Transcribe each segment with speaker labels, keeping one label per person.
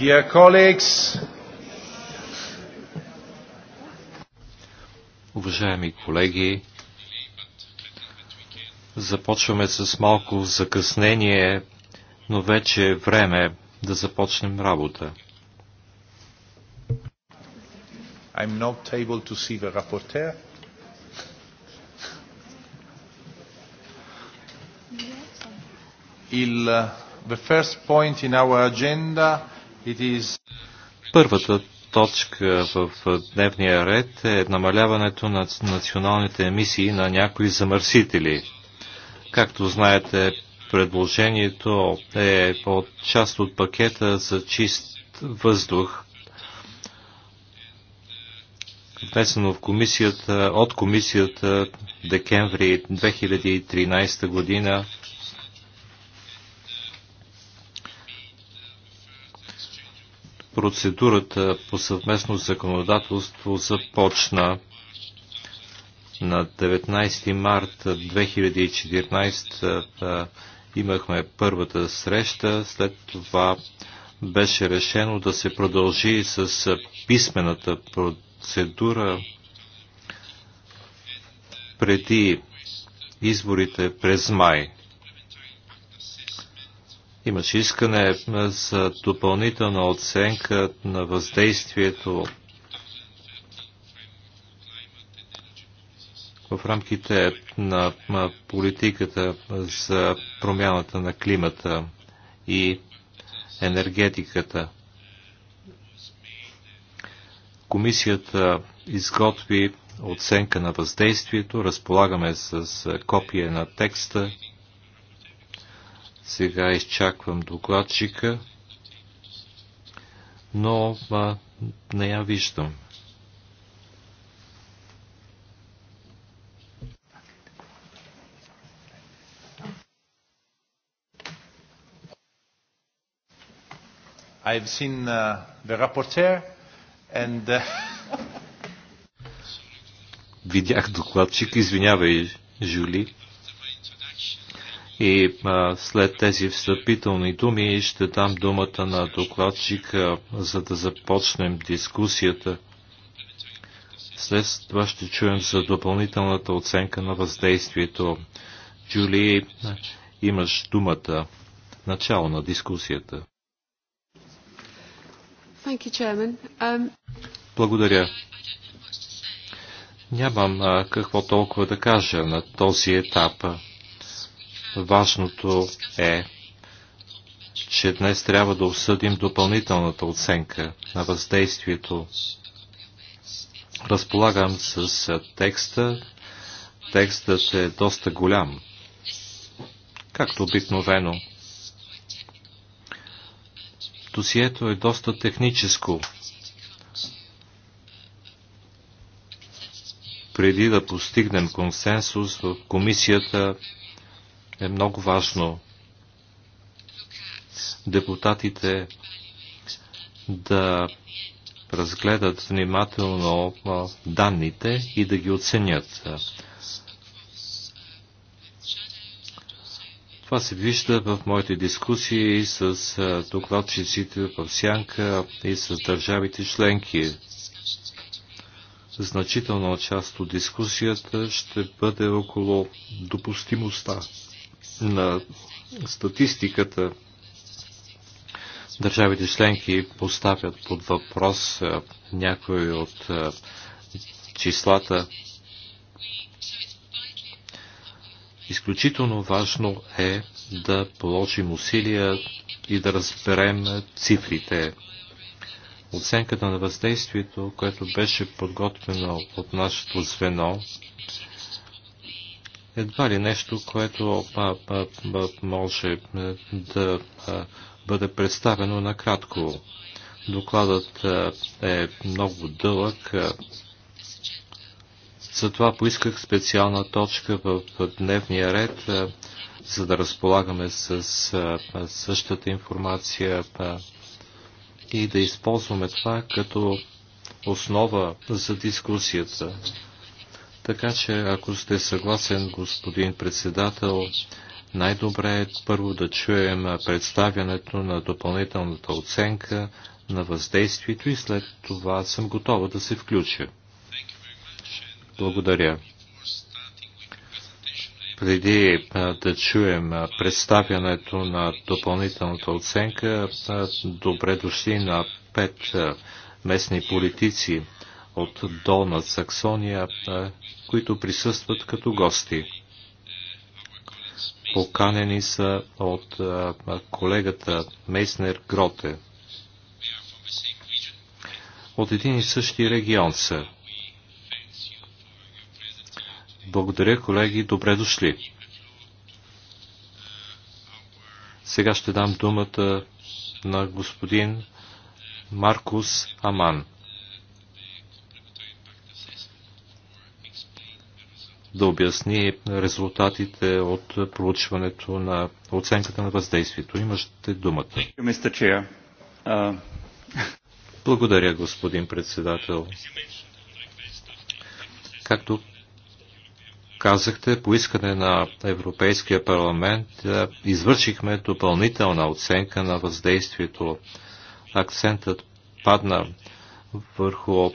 Speaker 1: Dear colleagues, Уважаеми колеги, започваме с малко закъснение, но вече е време да започнем работа. I'm not able to see the rapporteur. Il, uh, the first point in our agenda Първата точка в дневния ред е намаляването на националните емисии на някои замърсители. Както знаете, предложението е от част от пакета за чист въздух, внесено в комисията, от комисията декември 2013 година Процедурата по съвместно законодателство започна на 19 март 2014 имахме първата среща, след това беше решено да се продължи с писмената процедура преди изборите през май. Имаше искане за допълнителна оценка на въздействието в рамките на политиката за промяната на климата и енергетиката. Комисията изготви оценка на въздействието, разполагаме с копие на текста сега изчаквам докладчика, но а, не я виждам. I've seen uh, the rapporteur and uh... Видях докладчик, извинявай, Жюли. И а, след тези встъпителни думи ще дам думата на докладчика, за да започнем дискусията. След това ще чуем за допълнителната оценка на въздействието. Джули, имаш думата. Начало на дискусията.
Speaker 2: You, um...
Speaker 1: Благодаря. Нямам а, какво толкова да кажа на този етап. Важното е, че днес трябва да осъдим допълнителната оценка на въздействието. Разполагам с текста. Текстът е доста голям, както обикновено. Досието е доста техническо. Преди да постигнем консенсус в комисията, е много важно депутатите да разгледат внимателно данните и да ги оценят. Това се вижда в моите дискусии с докладчиците в Сянка и с държавите членки. Значителна част от дискусията ще бъде около допустимостта на статистиката държавите членки поставят под въпрос някои от числата. Изключително важно е да положим усилия и да разберем цифрите. Оценката на въздействието, което беше подготвено от нашето звено, едва ли нещо, което а, а, а, може е, да а, бъде представено накратко. Докладът а, е много дълъг. А, затова поисках специална точка в, дневния ред, а, за да разполагаме с а, същата информация а, и да използваме това като основа за дискусията. Така че, ако сте съгласен, господин председател, най-добре е първо да чуем представянето на допълнителната оценка на въздействието и след това съм готова да се включа. Благодаря. Преди да чуем представянето на допълнителната оценка, добре дошли на пет местни политици от Долна Саксония, е, които присъстват като гости. Поканени са от е, колегата Мейснер Гроте. От един и същи регион са. Благодаря, колеги, добре дошли. Сега ще дам думата на господин Маркус Аман. да обясни резултатите от проучването на оценката на въздействието. Имащите думата. Благодаря, господин председател. Както казахте, по искане на Европейския парламент извършихме допълнителна оценка на въздействието. Акцентът падна върху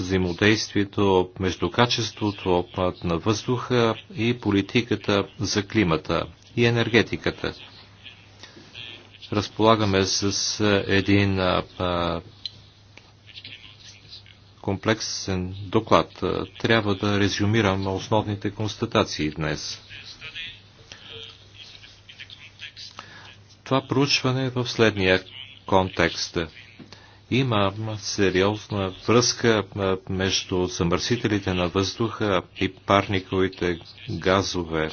Speaker 1: взаимодействието между качеството на въздуха и политиката за климата и енергетиката. Разполагаме с един комплексен доклад. Трябва да резюмирам основните констатации днес. Това проучване е в следния контекст – има сериозна връзка между замърсителите на въздуха и парниковите газове.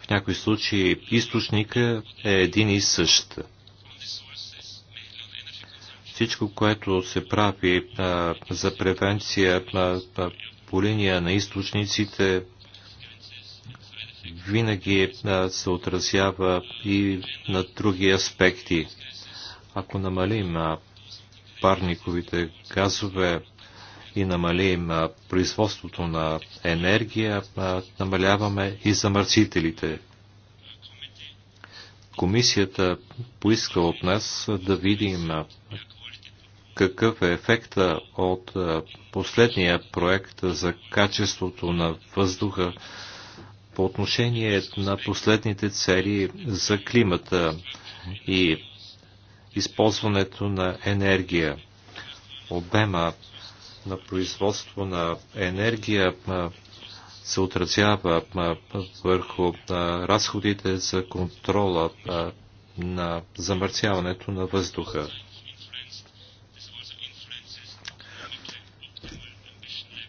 Speaker 1: В някои случаи източника е един и същ. Всичко, което се прави а, за превенция а, а, по линия на източниците, винаги а, се отразява и на други аспекти ако намалим парниковите газове и намалим производството на енергия, намаляваме и замърсителите. Комисията поиска от нас да видим какъв е ефекта от последния проект за качеството на въздуха по отношение на последните цели за климата и използването на енергия. Обема на производство на енергия се отразява върху разходите за контрола на замърсяването на въздуха.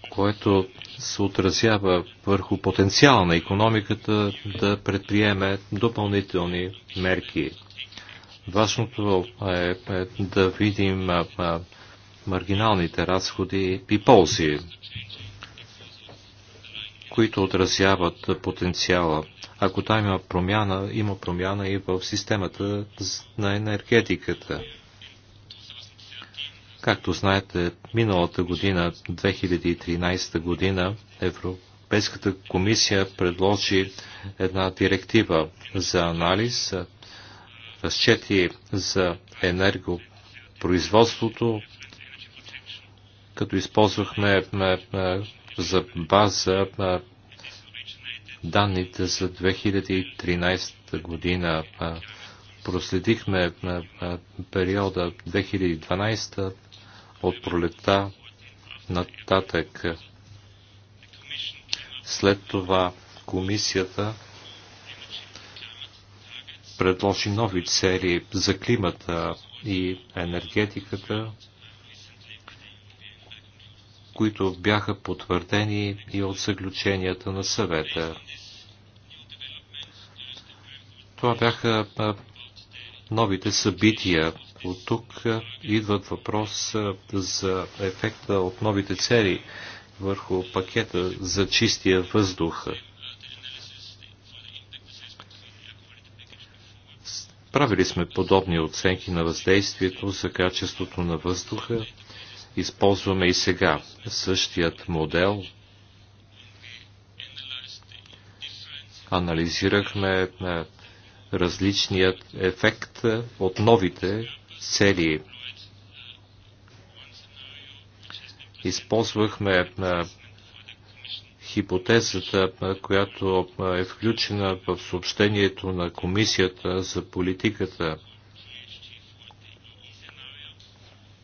Speaker 1: което се отразява върху потенциал на економиката да предприеме допълнителни мерки. Важното е, е, да видим маргиналните разходи и ползи, които отразяват потенциала. Ако там има промяна, има промяна и в системата на енергетиката. Както знаете, миналата година, 2013 година, Европейската комисия предложи една директива за анализ разчети за енергопроизводството, като използвахме за база данните за 2013 година. Проследихме периода 2012 от пролета нататък. След това комисията предложи нови цели за климата и енергетиката, които бяха потвърдени и от заключенията на съвета. Това бяха новите събития. От тук идват въпрос за ефекта от новите цели върху пакета за чистия въздух. Правили сме подобни оценки на въздействието за качеството на въздуха. Използваме и сега същият модел. Анализирахме е, различният ефект от новите цели. Използвахме е, хипотезата, която е включена в съобщението на Комисията за политиката.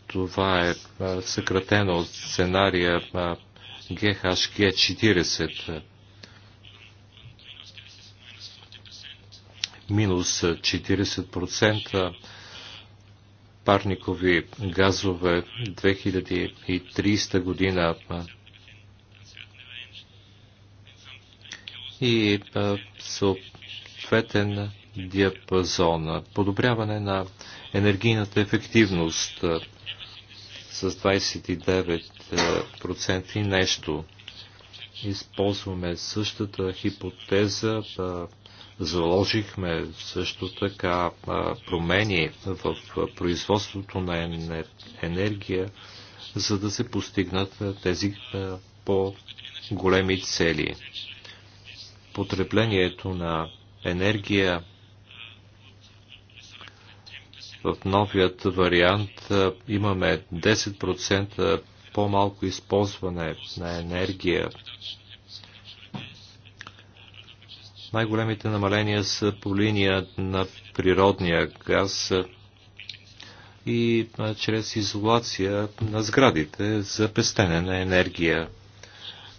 Speaker 1: Това е съкратено от сценария GHG40. Минус 40% парникови газове 2030 година и съответен диапазон, подобряване на енергийната ефективност с 29% и нещо. Използваме същата хипотеза, заложихме също така промени в производството на енергия, за да се постигнат тези по-големи цели потреблението на енергия в новият вариант имаме 10% по-малко използване на енергия. Най-големите намаления са по линия на природния газ и чрез изолация на сградите за пестене на енергия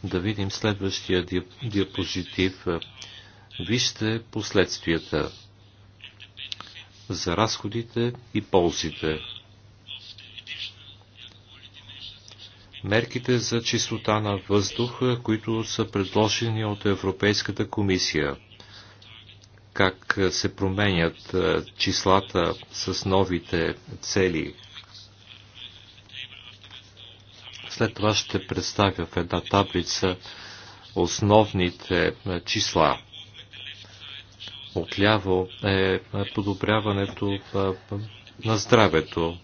Speaker 1: да видим следващия диапозитив. Вижте последствията за разходите и ползите. Мерките за чистота на въздух, които са предложени от Европейската комисия. Как се променят числата с новите цели След това ще представя в една таблица основните е, числа. Отляво е, е подобряването е, на здравето.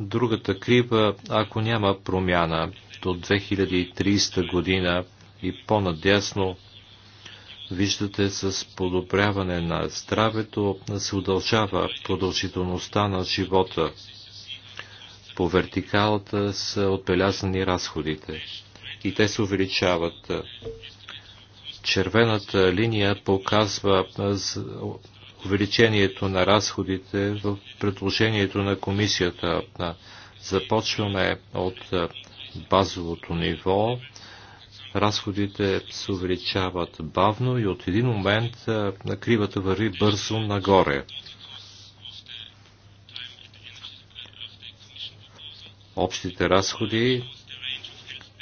Speaker 1: Другата крива, ако няма промяна до 2030 година и по-надясно, виждате с подобряване на здравето се удължава продължителността на живота по вертикалата са отбелязани разходите и те се увеличават. Червената линия показва увеличението на разходите в предложението на комисията. Започваме от базовото ниво. Разходите се увеличават бавно и от един момент кривата върви бързо нагоре. общите разходи.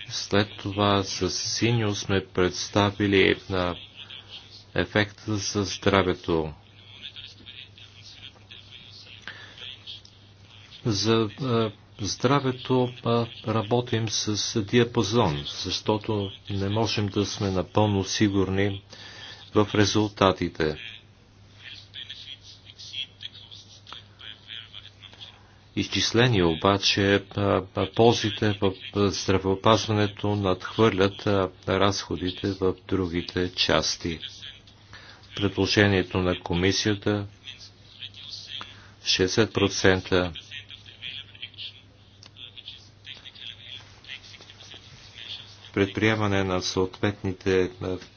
Speaker 1: След това с синьо сме представили на ефекта за здравето. За здравето работим с диапазон, защото не можем да сме напълно сигурни в резултатите. изчисления, обаче ползите в здравеопазването надхвърлят разходите в другите части. Предложението на комисията 60% предприемане на съответните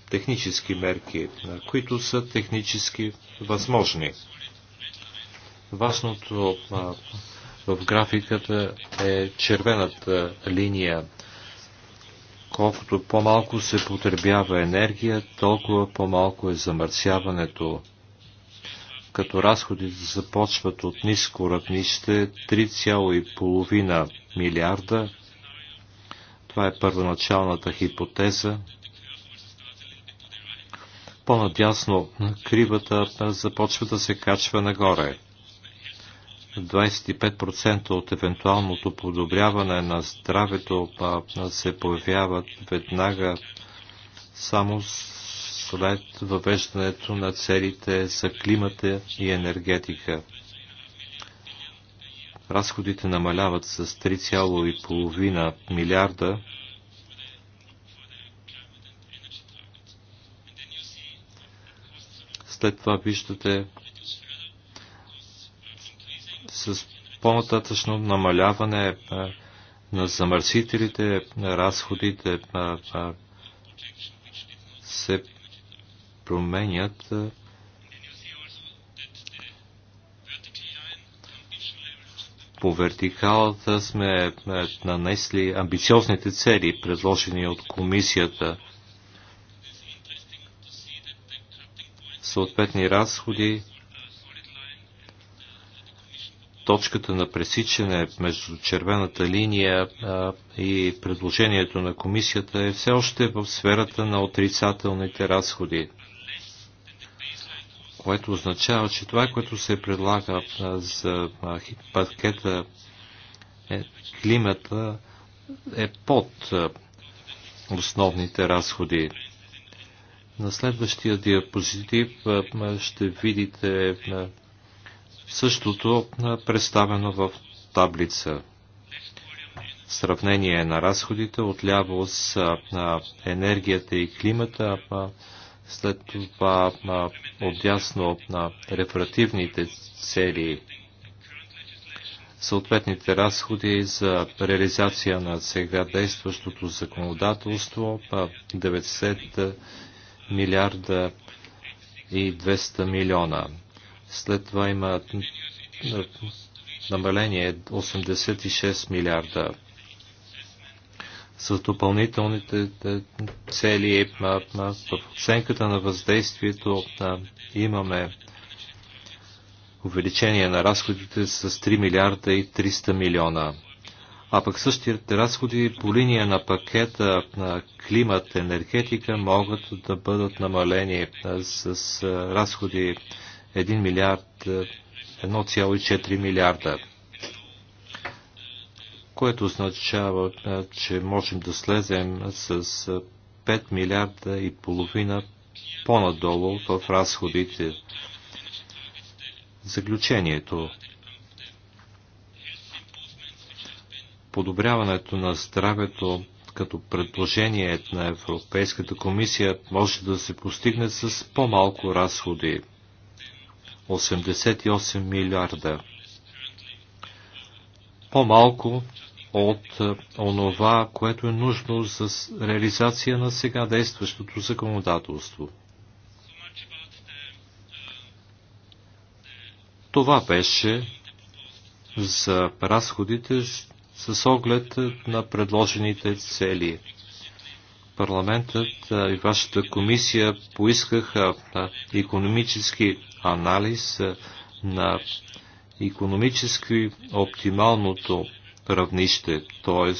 Speaker 1: технически мерки, които са технически възможни. Важното в графиката е червената линия. Колкото по-малко се потребява енергия, толкова по-малко е замърсяването. Като разходите започват от ниско равнище 3,5 милиарда. Това е първоначалната хипотеза. По-надясно кривата започва да се качва нагоре 25% от евентуалното подобряване на здравето се появяват веднага само след въвеждането на целите за климата и енергетика. Разходите намаляват с 3,5 милиарда след това виждате с по-нататъчно намаляване е, е, на замърсителите, е, на разходите се променят. По вертикалата сме нанесли амбициозните цели, предложени от комисията. Съответни разходи точката на пресичане между червената линия и предложението на комисията е все още в сферата на отрицателните разходи, което означава, че това, което се предлага за пакета е, климата е под основните разходи. На следващия диапозитив ще видите Същото представено в таблица. Сравнение на разходите отляво с енергията и климата, след това отясно на рефративните цели, съответните разходи за реализация на сега действащото законодателство, 90 милиарда и 200 милиона. След това има намаление 86 милиарда. С допълнителните е, цели е, в оценката на въздействието е, имаме увеличение на разходите с 3 милиарда и 300 милиона. А пък същите разходи по линия на пакета на климат, енергетика могат да бъдат намалени с разходи 1 милиард, 1,4 е, милиарда, което означава, е, че можем да слезем с 5 е, милиарда и половина по-надолу в разходите. Заключението подобряването на здравето като предложение на Европейската комисия може да се постигне с по-малко разходи. 88 милиарда. По-малко от е, онова, което е нужно за реализация на сега действащото законодателство. Това беше за разходите с оглед на предложените цели парламентът и вашата комисия поискаха економически анализ на економически оптималното равнище, т.е.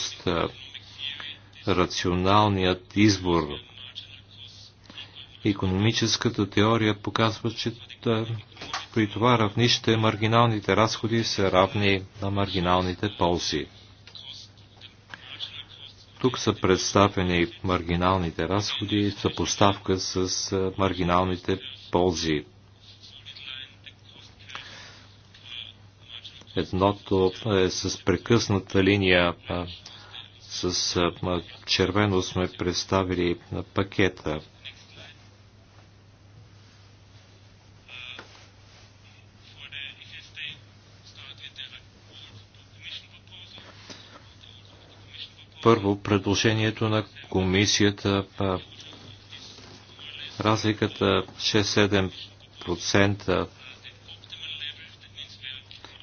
Speaker 1: рационалният избор. Економическата теория показва, че при това равнище маргиналните разходи са равни на маргиналните ползи. Тук са представени маргиналните разходи в съпоставка с маргиналните ползи. Едното е с прекъсната линия. С червено сме представили пакета Първо, предложението на комисията разликата 6-7%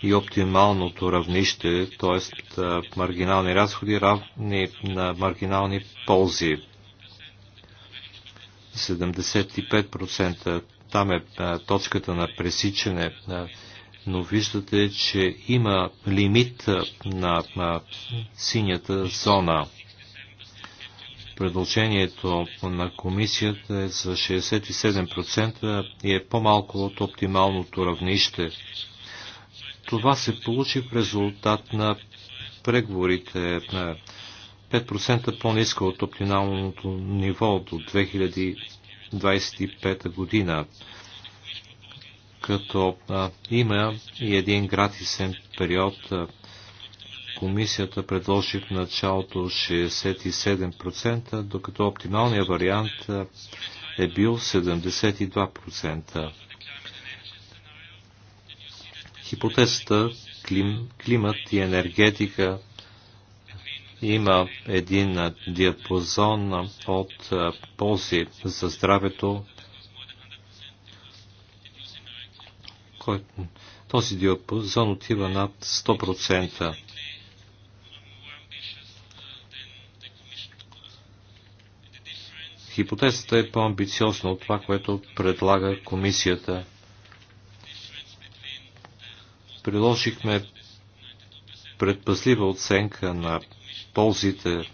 Speaker 1: и оптималното равнище, т.е. маргинални разходи равни на маргинални ползи. 75% там е точката на пресичане на но виждате, че има лимит на, синята зона. Предложението на комисията е за 67% и е по-малко от оптималното равнище. Това се получи в резултат на преговорите на 5% по-низко от оптималното ниво до 2025 година като а, има и един гратисен период, а, комисията предложи в началото 67%, докато оптималният вариант а, е бил 72%. Хипотезата клим, климат и енергетика има един диапазон от ползи за здравето който този диапазон отива над 100%. Хипотезата е по-амбициозна от това, което предлага комисията. Приложихме предпазлива оценка на ползите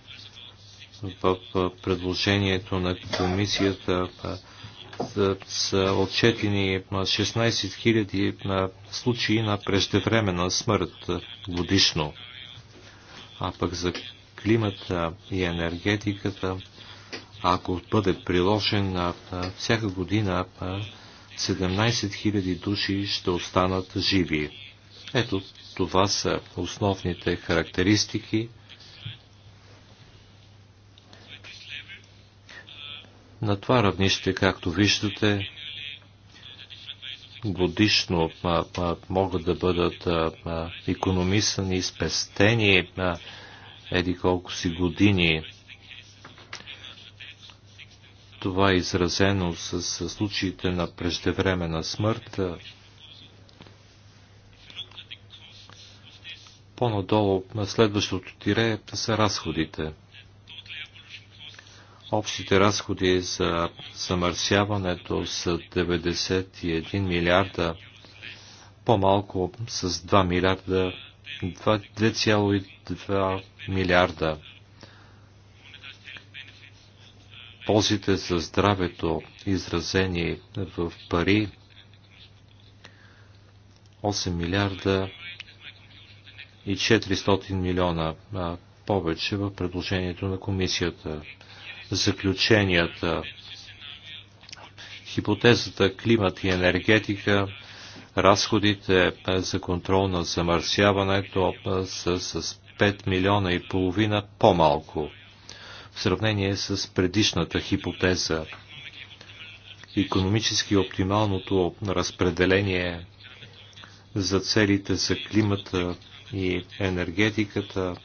Speaker 1: в предложението на комисията са отчетени 16 000 случаи на преждевременна смърт годишно. А пък за климата и енергетиката, ако бъде приложен всяка година, 17 000 души ще останат живи. Ето това са основните характеристики На това равнище, както виждате, годишно а, а, могат да бъдат а, економисани спестени спестени еди колко си години. Това е изразено с, с случаите на преждевременна смърт. По-надолу на следващото тире са разходите. Общите разходи за замърсяването са 91 милиарда, по-малко с 2 милиарда, 2,2 милиарда. Ползите за здравето, изразени в пари, 8 милиарда и 400 милиона повече в предложението на комисията заключенията. Хипотезата климат и енергетика, разходите е, за контрол на замърсяването е, са с 5 милиона и половина по-малко в сравнение с предишната хипотеза. Економически оптималното разпределение за целите за климата и енергетиката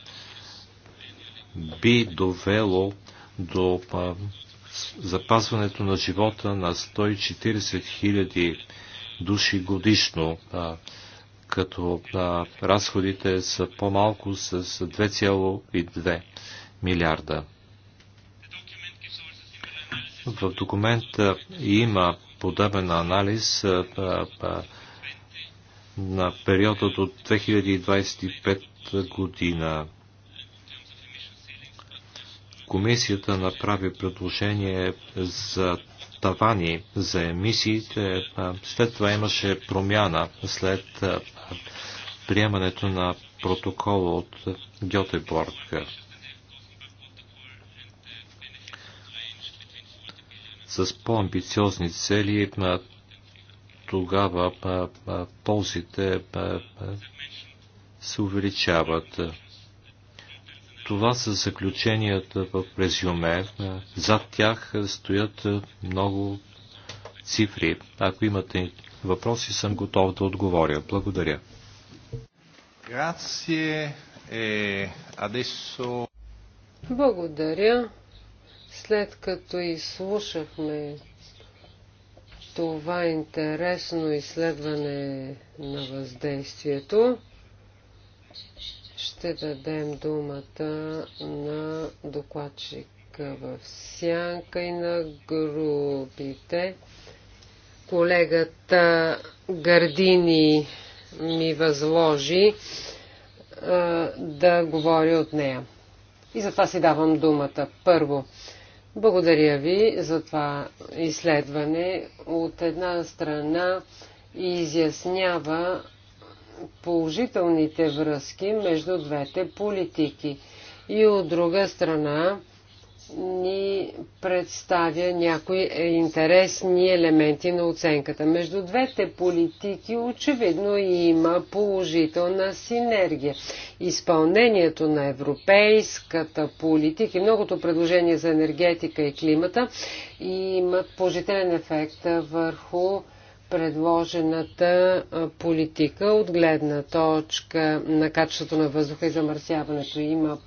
Speaker 1: би довело до запазването на живота на 140 000 души годишно, като разходите са по-малко с 2,2 милиарда. В документа има подобен анализ на периода от 2025 година. Комисията направи предложение за тавани за емисиите. След това имаше промяна след приемането на протокола от Гьотеборг. С по-амбициозни цели тогава ползите се увеличават. Това са заключенията в резюме. Зад тях стоят много цифри. Ако имате въпроси, съм готов да отговоря. Благодаря. Е
Speaker 2: Благодаря. След като изслушахме това интересно изследване на въздействието, ще дадем думата на докладчика в сянка и на групите. Колегата Гардини ми възложи да говори от нея. И затова си давам думата. Първо, благодаря ви за това изследване. От една страна изяснява положителните връзки между двете политики. И от друга страна ни представя някои интересни елементи на оценката. Между двете политики очевидно има положителна синергия. Изпълнението на европейската политика и многото предложение за енергетика и климата имат положителен ефект върху предложената политика от гледна точка на качеството на въздуха и замърсяването. Има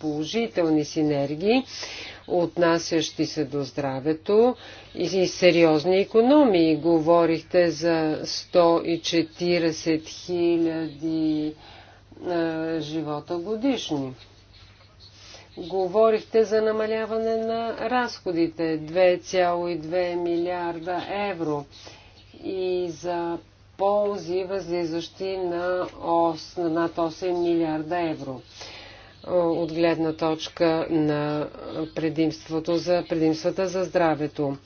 Speaker 2: положителни синергии, отнасящи се до здравето и сериозни економии. Говорихте за 140 хиляди живота годишни. Говорихте за намаляване на разходите 2,2 милиарда евро и за ползи, възлизащи на, на над 8 милиарда евро от гледна точка на предимството за, предимствата за здравето.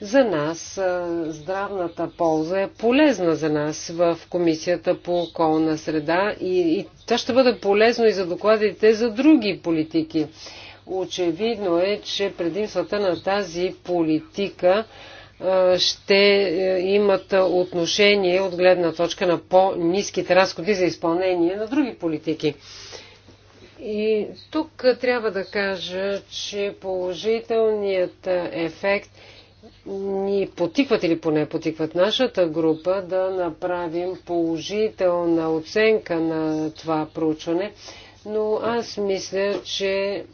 Speaker 2: За нас здравната полза е полезна за нас в Комисията по околна среда и, и тя ще бъде полезно и за докладите за други политики. Очевидно е, че предимствата на тази политика е, ще е, имат отношение от гледна точка на по-низките разходи за изпълнение на други политики. И тук трябва да кажа, че положителният ефект ни потикват или поне потикват нашата група да направим положителна оценка на това проучване, но аз мисля, че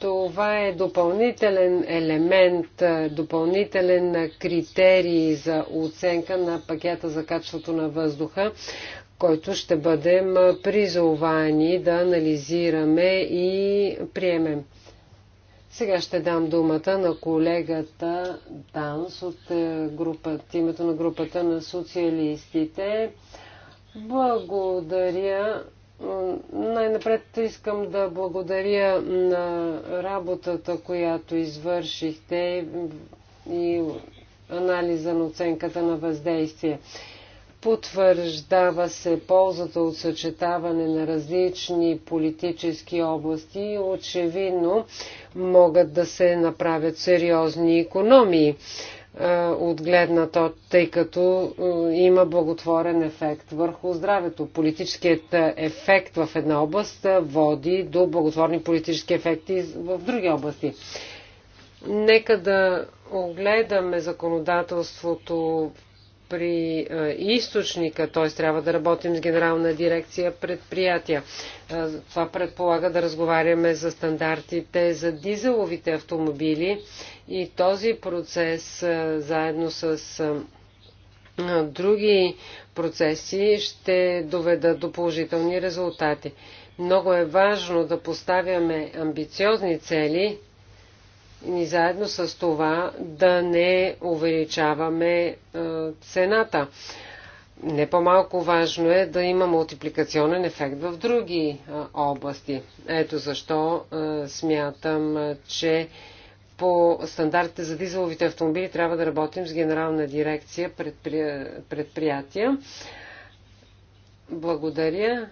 Speaker 2: Това е допълнителен елемент, е, допълнителен критерий за оценка на пакета за качеството на въздуха, който ще бъдем е, призовани да анализираме и приемем. Сега ще дам думата на колегата Данс от е, групата, името на групата на социалистите. Благодаря най-напред искам да благодаря на работата, която извършихте и анализа на оценката на въздействие. Потвърждава се ползата от съчетаване на различни политически области и очевидно могат да се направят сериозни економии. Е, от гледна то, тъй като е, има благотворен ефект върху здравето. Политическият е, ефект в една област води до благотворни политически ефекти в други области. Нека да огледаме законодателството при е, източника, т.е. трябва да работим с генерална дирекция предприятия. Е, това предполага да разговаряме за стандартите за дизеловите автомобили и този процес е, заедно с други процеси ще доведат до положителни резултати. Много е важно да поставяме амбициозни цели – и заедно с това да не увеличаваме е, цената. Не по-малко важно е да има мултипликационен ефект в други е, области. Ето защо е, смятам, че по стандартите за дизеловите автомобили трябва да работим с генерална дирекция предприятия. Благодаря.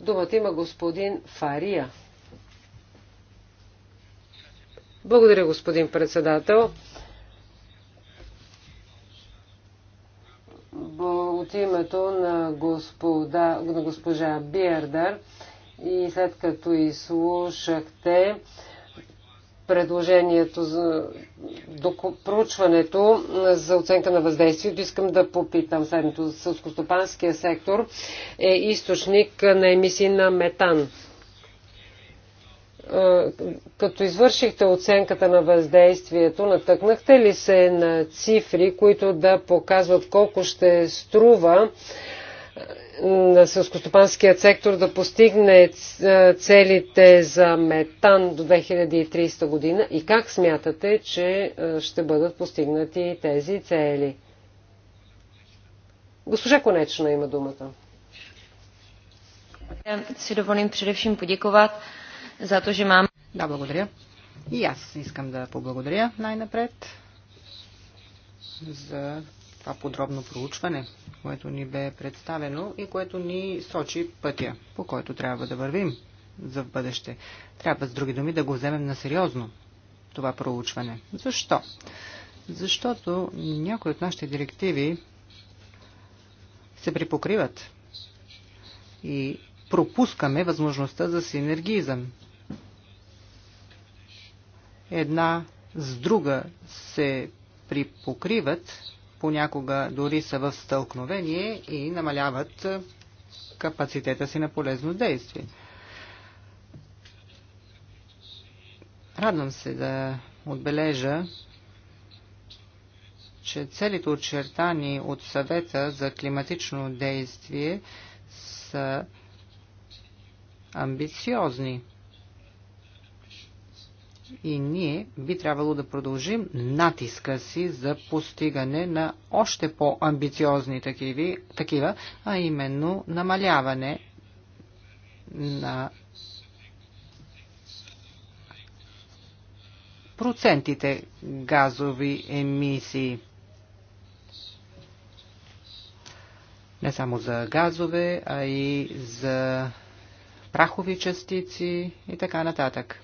Speaker 2: Думата има господин Фария. Благодаря, господин председател. От името на, господа, на госпожа Биердар и след като изслушахте предложението за проучването за оценка на въздействието, искам да попитам следното. Сълскостопанския сектор е източник на емисии на метан. Е, като извършихте оценката на въздействието, натъкнахте ли се на цифри, които да показват колко ще струва е, на селскостопанският сектор да постигне е, целите за метан до 2030 година и как смятате, че ще бъдат постигнати тези цели? Госпожа Конечна има думата. Си доволим предвсем подяковат за то, че Да, благодаря.
Speaker 3: И аз искам да поблагодаря най-напред за това подробно проучване, което ни бе представено и което ни сочи пътя, по който трябва да вървим за в бъдеще. Трябва, с други думи, да го вземем на сериозно това проучване. Защо? Защото някои от нашите директиви се припокриват и пропускаме възможността за синергизъм една с друга се припокриват, понякога дори са в стълкновение и намаляват капацитета си на полезно действие. Радвам се да отбележа, че целите очертани от съвета за климатично действие са амбициозни – и ние би трябвало да продължим натиска си за постигане на още по-амбициозни такива, а именно намаляване на процентите газови емисии. Не само за газове, а и за прахови частици и така нататък.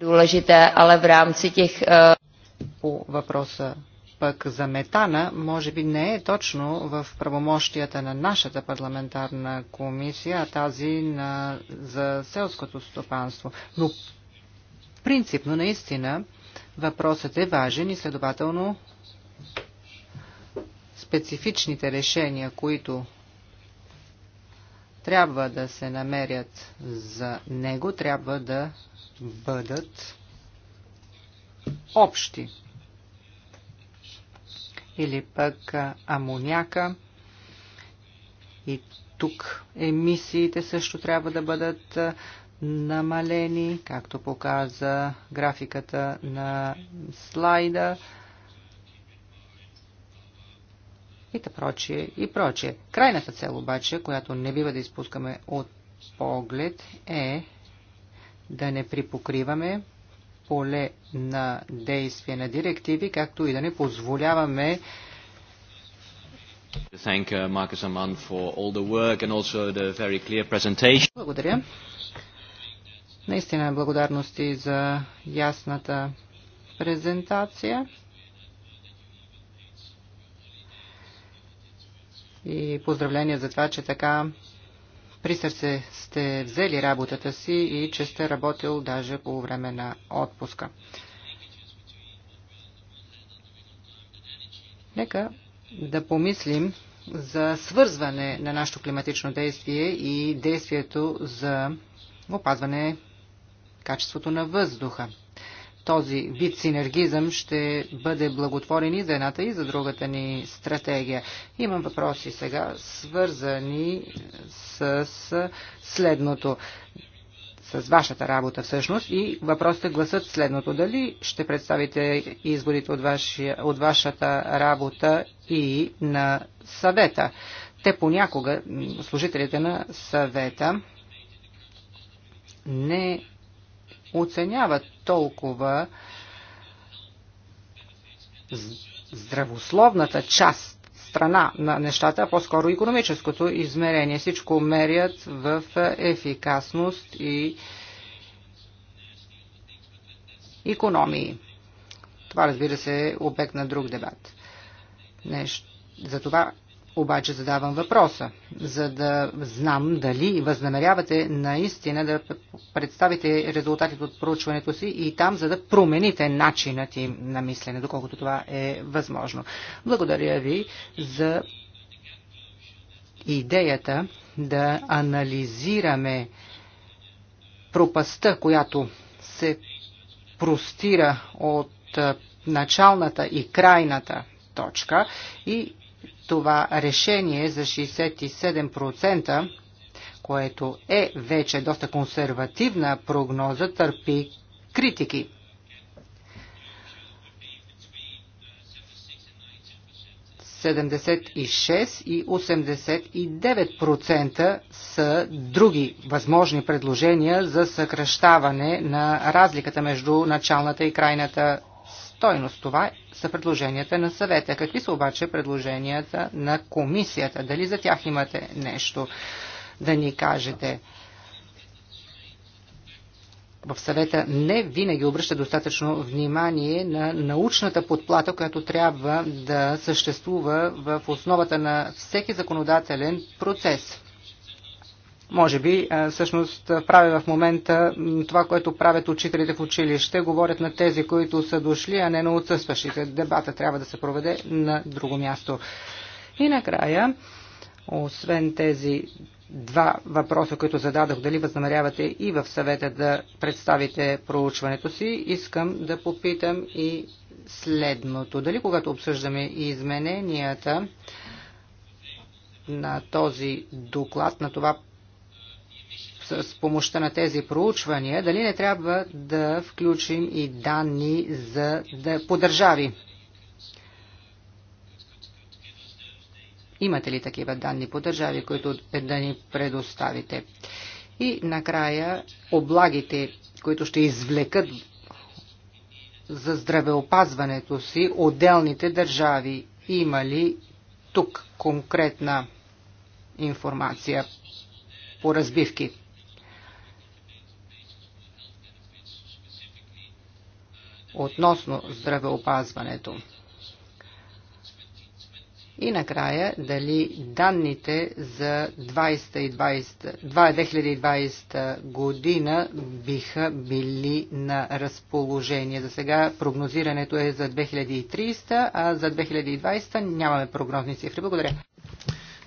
Speaker 3: Důležité, ale v rámci těch... По eh, въпроса пък за метана, може би не е точно в правомощията на нашата парламентарна комисия, а тази на, за селското стопанство. Но принципно, наистина, въпросът е важен и следователно специфичните решения, които трябва да се намерят за него, трябва да бъдат общи. Или пък амоняка. И тук емисиите също трябва да бъдат намалени, както показа графиката на слайда и така прочие, и прочие. Крайната цел обаче, която не бива да изпускаме от поглед, е да не припокриваме поле на действие на директиви, както и да не позволяваме Благодаря. Наистина благодарности за ясната презентация. и поздравления за това, че така при сърце сте взели работата си и че сте работил даже по време на отпуска. Нека да помислим за свързване на нашето климатично действие и действието за опазване качеството на въздуха този вид синергизъм ще бъде благотворен и за едната и за другата ни стратегия. Имам въпроси сега, свързани с следното с вашата работа всъщност и въпросите гласът следното. Дали ще представите изборите от, вашия, от вашата работа и на съвета? Те понякога, служителите на съвета, не оценяват толкова здравословната част страна на нещата, а по-скоро економическото измерение. Всичко мерят в ефикасност и економии. Това разбира се е обект на друг дебат. Нещо. Затова обаче задавам въпроса, за да знам дали възнамерявате наистина да представите резултатите от проучването си и там, за да промените начинът им на мислене, доколкото това е възможно. Благодаря ви за идеята да анализираме пропаста, която се простира от началната и крайната точка и това решение за 67%, което е вече доста консервативна прогноза, търпи критики. и 89% са други възможни предложения за съкръщаване на разликата между началната и крайната стойност. Това са предложенията на съвета. Какви са обаче предложенията на комисията? Дали за тях имате нещо да ни кажете? в съвета не винаги обръща достатъчно внимание на научната подплата, която трябва да съществува в основата на всеки законодателен процес. Може би, всъщност, правя в момента това, което правят учителите в училище, говорят на тези, които са дошли, а не на отсъстващите. Дебата трябва да се проведе на друго място. И накрая, освен тези два въпроса, които зададох, дали възнамерявате и в съвета да представите проучването си, искам да попитам и следното. Дали когато обсъждаме измененията на този доклад, на това с помощта на тези проучвания, дали не трябва да включим и данни за да, по държави? Имате ли такива данни по държави, които е да ни предоставите? И накрая облагите, които ще извлекат за здравеопазването си отделните държави. Има ли тук конкретна информация по разбивки? относно здравеопазването. И накрая, дали данните за 2020, година биха били на разположение. За сега прогнозирането е за 2030, а за 2020 нямаме прогнозни цифри. Благодаря.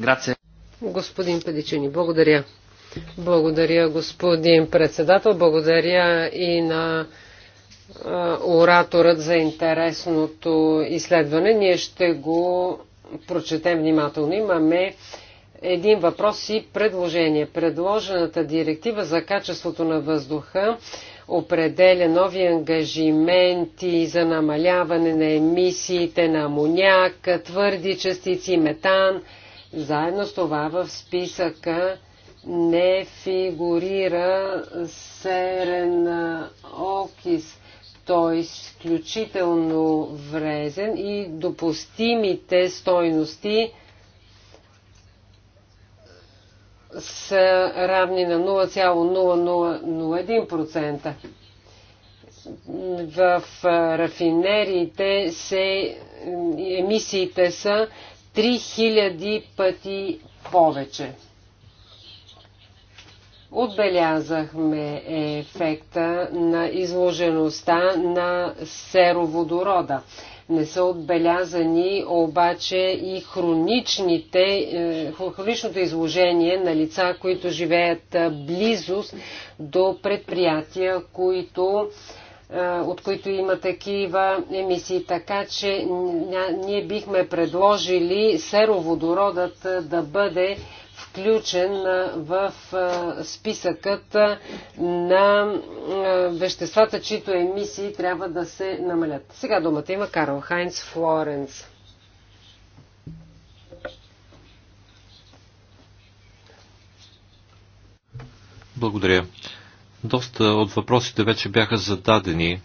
Speaker 3: Грация.
Speaker 2: Господин Педичини, благодаря. Благодаря, господин председател. Благодаря и на ораторът за интересното изследване. Ние ще го прочетем внимателно. Имаме един въпрос и предложение. Предложената директива за качеството на въздуха определя нови ангажименти за намаляване на емисиите на амоняк, твърди частици, метан. Заедно с това в списъка не фигурира серен окис. Той е изключително врезен и допустимите стойности са равни на 0,0001%. В рафинериите се, емисиите са 3000 пъти
Speaker 3: повече.
Speaker 2: Отбелязахме ефекта на изложеността на сероводорода. Не са отбелязани обаче и хроничните, е, хроничното изложение на лица, които живеят е, близост до предприятия, които е, от които има такива емисии. Така че ние бихме предложили сероводородът да бъде включен в списъкът на веществата, чието емисии трябва да се намалят. Сега думата има Карл Хайнц Флоренц.
Speaker 1: Благодаря. Доста от въпросите вече бяха зададени.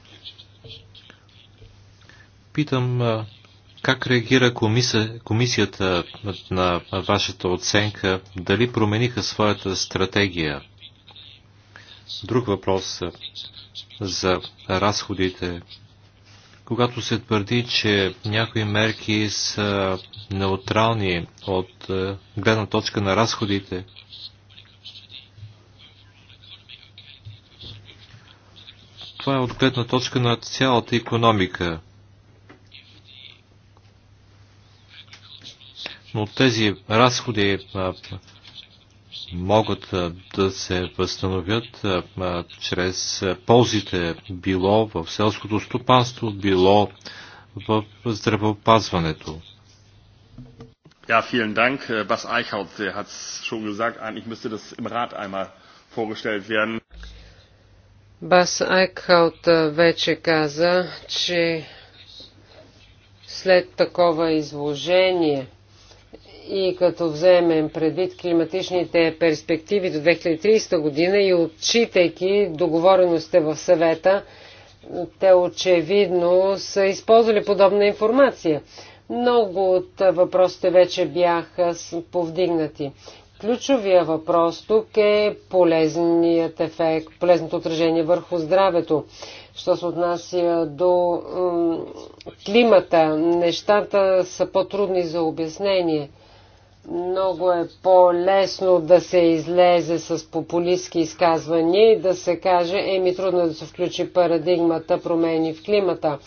Speaker 1: Питам как реагира комисия, комисията на вашата оценка? Дали промениха своята стратегия? Друг въпрос за разходите. Когато се твърди, че някои мерки са неутрални от е, гледна точка на разходите, това е от гледна точка на цялата економика. но тези разходи могат да се възстановят чрез ползите, било в селското стопанство, било в здравеопазването.
Speaker 3: Ja, vielen Dank. Äh, Bas Eichhaut
Speaker 1: hat es schon gesagt. Eigentlich müsste das im Rat einmal vorgestellt werden.
Speaker 2: Бас Eichhaut äh, вече каза, че след такова изложение и като вземем предвид климатичните перспективи до 2030 година и отчитайки договореностите в съвета, те очевидно са използвали подобна информация. Много от въпросите вече бяха повдигнати. Ключовия въпрос тук е полезният ефект, полезното отражение върху здравето. Що се отнася до климата, нещата са по-трудни за обяснение – много е по-лесно да се излезе с популистски изказвания и да се каже, еми трудно е да се включи парадигмата промени в климата.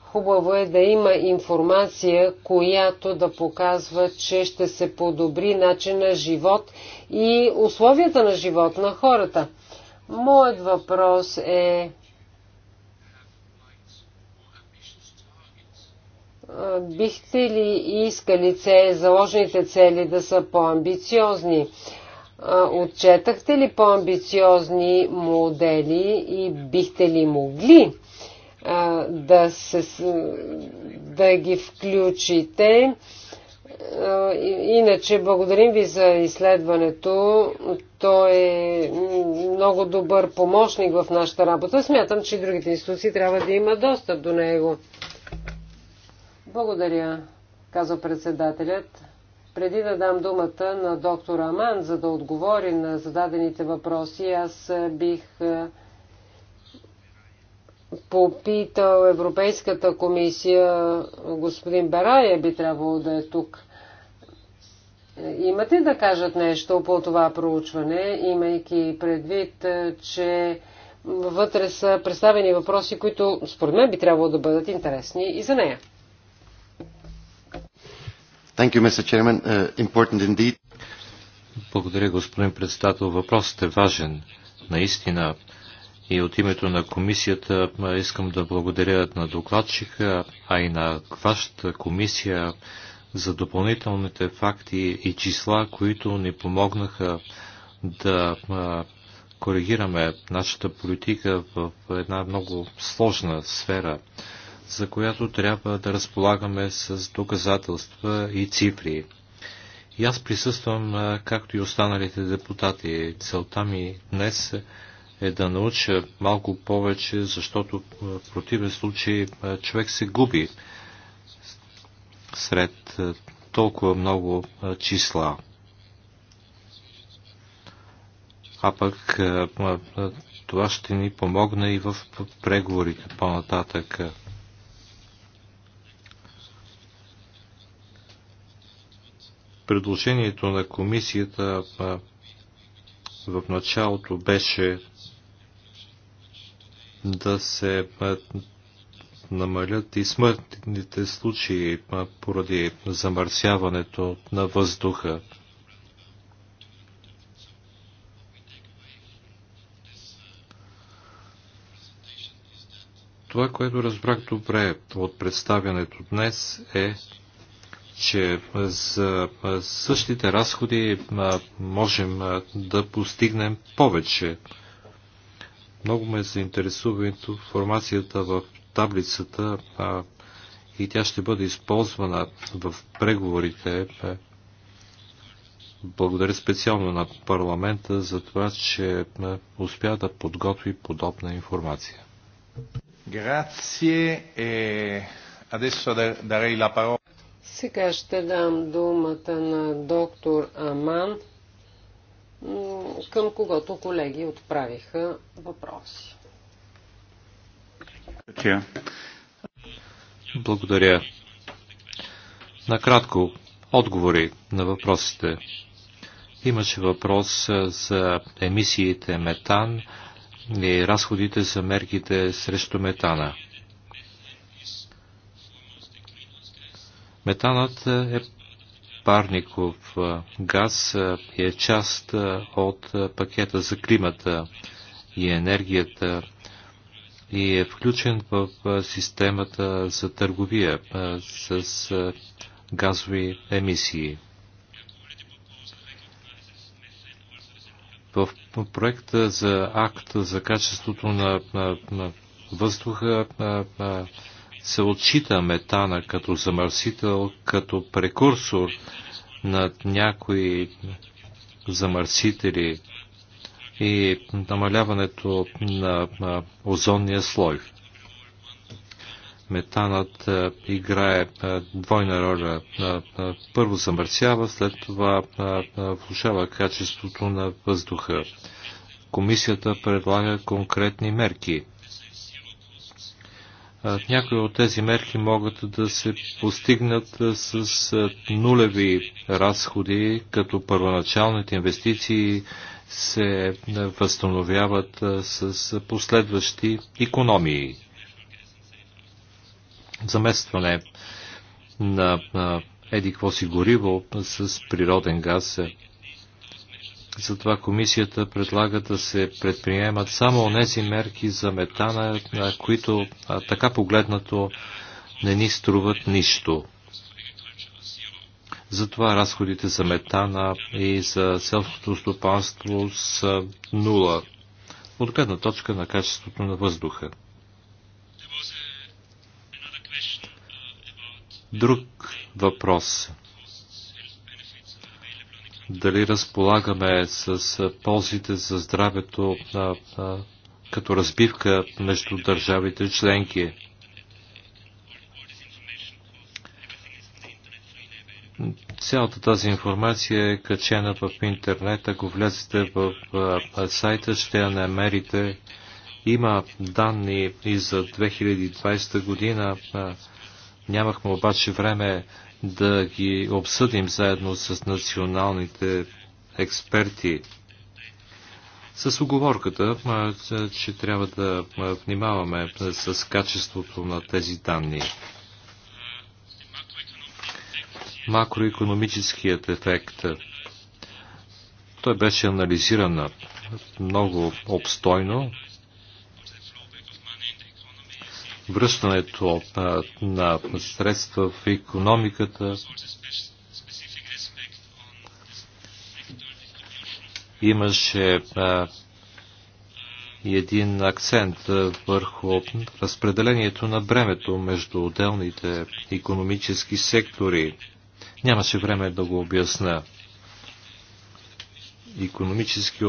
Speaker 2: Хубаво е да има информация, която да показва, че ще се подобри начин на живот и условията на живот на хората. Моят въпрос е Бихте ли искали заложените цели да са по-амбициозни? Отчетахте ли по-амбициозни модели и бихте ли могли да, се, да ги включите? Иначе благодарим ви за изследването. Той е много добър помощник в нашата работа. Смятам, че другите институции трябва да имат достъп до него. Благодаря, каза председателят. Преди да дам думата на доктор Аман, за да отговори на зададените въпроси, аз бих е, попитал Европейската комисия, господин Берая би трябвало да е тук. Имате да кажат нещо по това проучване, имайки предвид, е, че вътре са представени въпроси, които според мен би трябвало да бъдат интересни и за нея.
Speaker 1: Thank you, Mr. Chairman. Uh, important indeed. Благодаря, господин председател. Въпросът е важен. Наистина. И от името на комисията искам да благодаря на докладчика, а и на вашата комисия за допълнителните факти и числа, които ни помогнаха да коригираме нашата политика в една много сложна сфера за която трябва да разполагаме с доказателства и цифри. И аз присъствам, както и останалите депутати. Целта ми днес е да науча малко повече, защото в противен случай човек се губи сред толкова много числа. А пък това ще ни помогне и в преговорите по-нататък. Предложението на комисията в началото беше да се намалят и смъртните случаи поради замърсяването на въздуха. Това, което разбрах добре от представянето днес е, че за същите разходи можем да постигнем повече. Много ме заинтересува информацията в таблицата и тя ще бъде използвана в преговорите. Благодаря специално на парламента за това, че успя да подготви подобна информация. Grazie. E adesso darei la parola.
Speaker 2: Сега ще дам думата на доктор Аман, към когото колеги отправиха въпроси.
Speaker 1: Благодаря. Накратко, отговори на въпросите. Имаше въпрос за емисиите метан и разходите за мерките срещу метана. Метанът е парников газ и е част от пакета за климата и енергията и е включен в системата за търговия с газови емисии. В проекта за акт за качеството на въздуха се отчита метана като замърсител, като прекурсор на някои замърсители и намаляването на озонния слой. Метанът е, играе е, двойна роля. Е, първо замърсява, след това влушава качеството на въздуха. Комисията предлага конкретни мерки – някои от тези мерки могат да се постигнат с нулеви разходи, като първоначалните инвестиции се възстановяват с последващи економии. Заместване на едикво си гориво с природен газ е и затова комисията предлага да се предприемат само онези мерки за метана, които така погледнато не ни струват нищо. Затова разходите за метана и за селското стопанство са нула от гледна точка на качеството на въздуха. Друг въпрос дали разполагаме с ползите за здравето а, а, като разбивка между държавите членки. Цялата тази информация е качена в интернет. Ако влезете в а, сайта, ще я намерите. Има данни и за 2020 година. Нямахме обаче време да ги обсъдим заедно с националните експерти. С оговорката, че трябва да внимаваме с качеството на тези данни. Макроекономическият ефект. Той беше анализиран много обстойно връщането на, на средства в економиката. Имаше а, един акцент върху разпределението на бремето между отделните економически сектори. Нямаше време да го обясна. Економически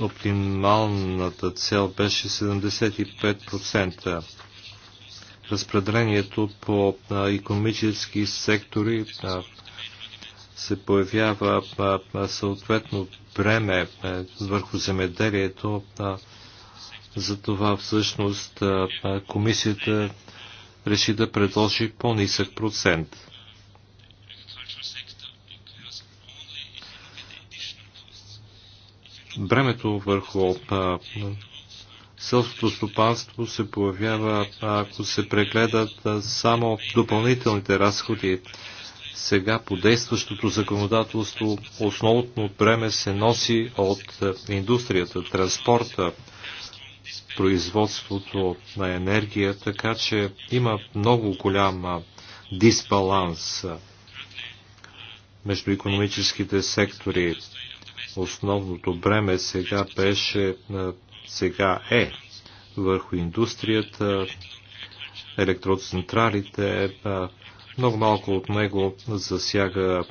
Speaker 1: оптималната цел беше 75% разпределението по економически сектори се появява съответно бреме върху земеделието. Затова всъщност комисията реши да предложи по-нисък процент. Бремето върху селското стопанство се появява, ако се прегледат само допълнителните разходи. Сега по действащото законодателство основното време се носи от индустрията, транспорта, производството на енергия, така че има много голям дисбаланс между економическите сектори. Основното бреме сега беше сега е върху индустрията, електроцентралите. Много малко от него засяга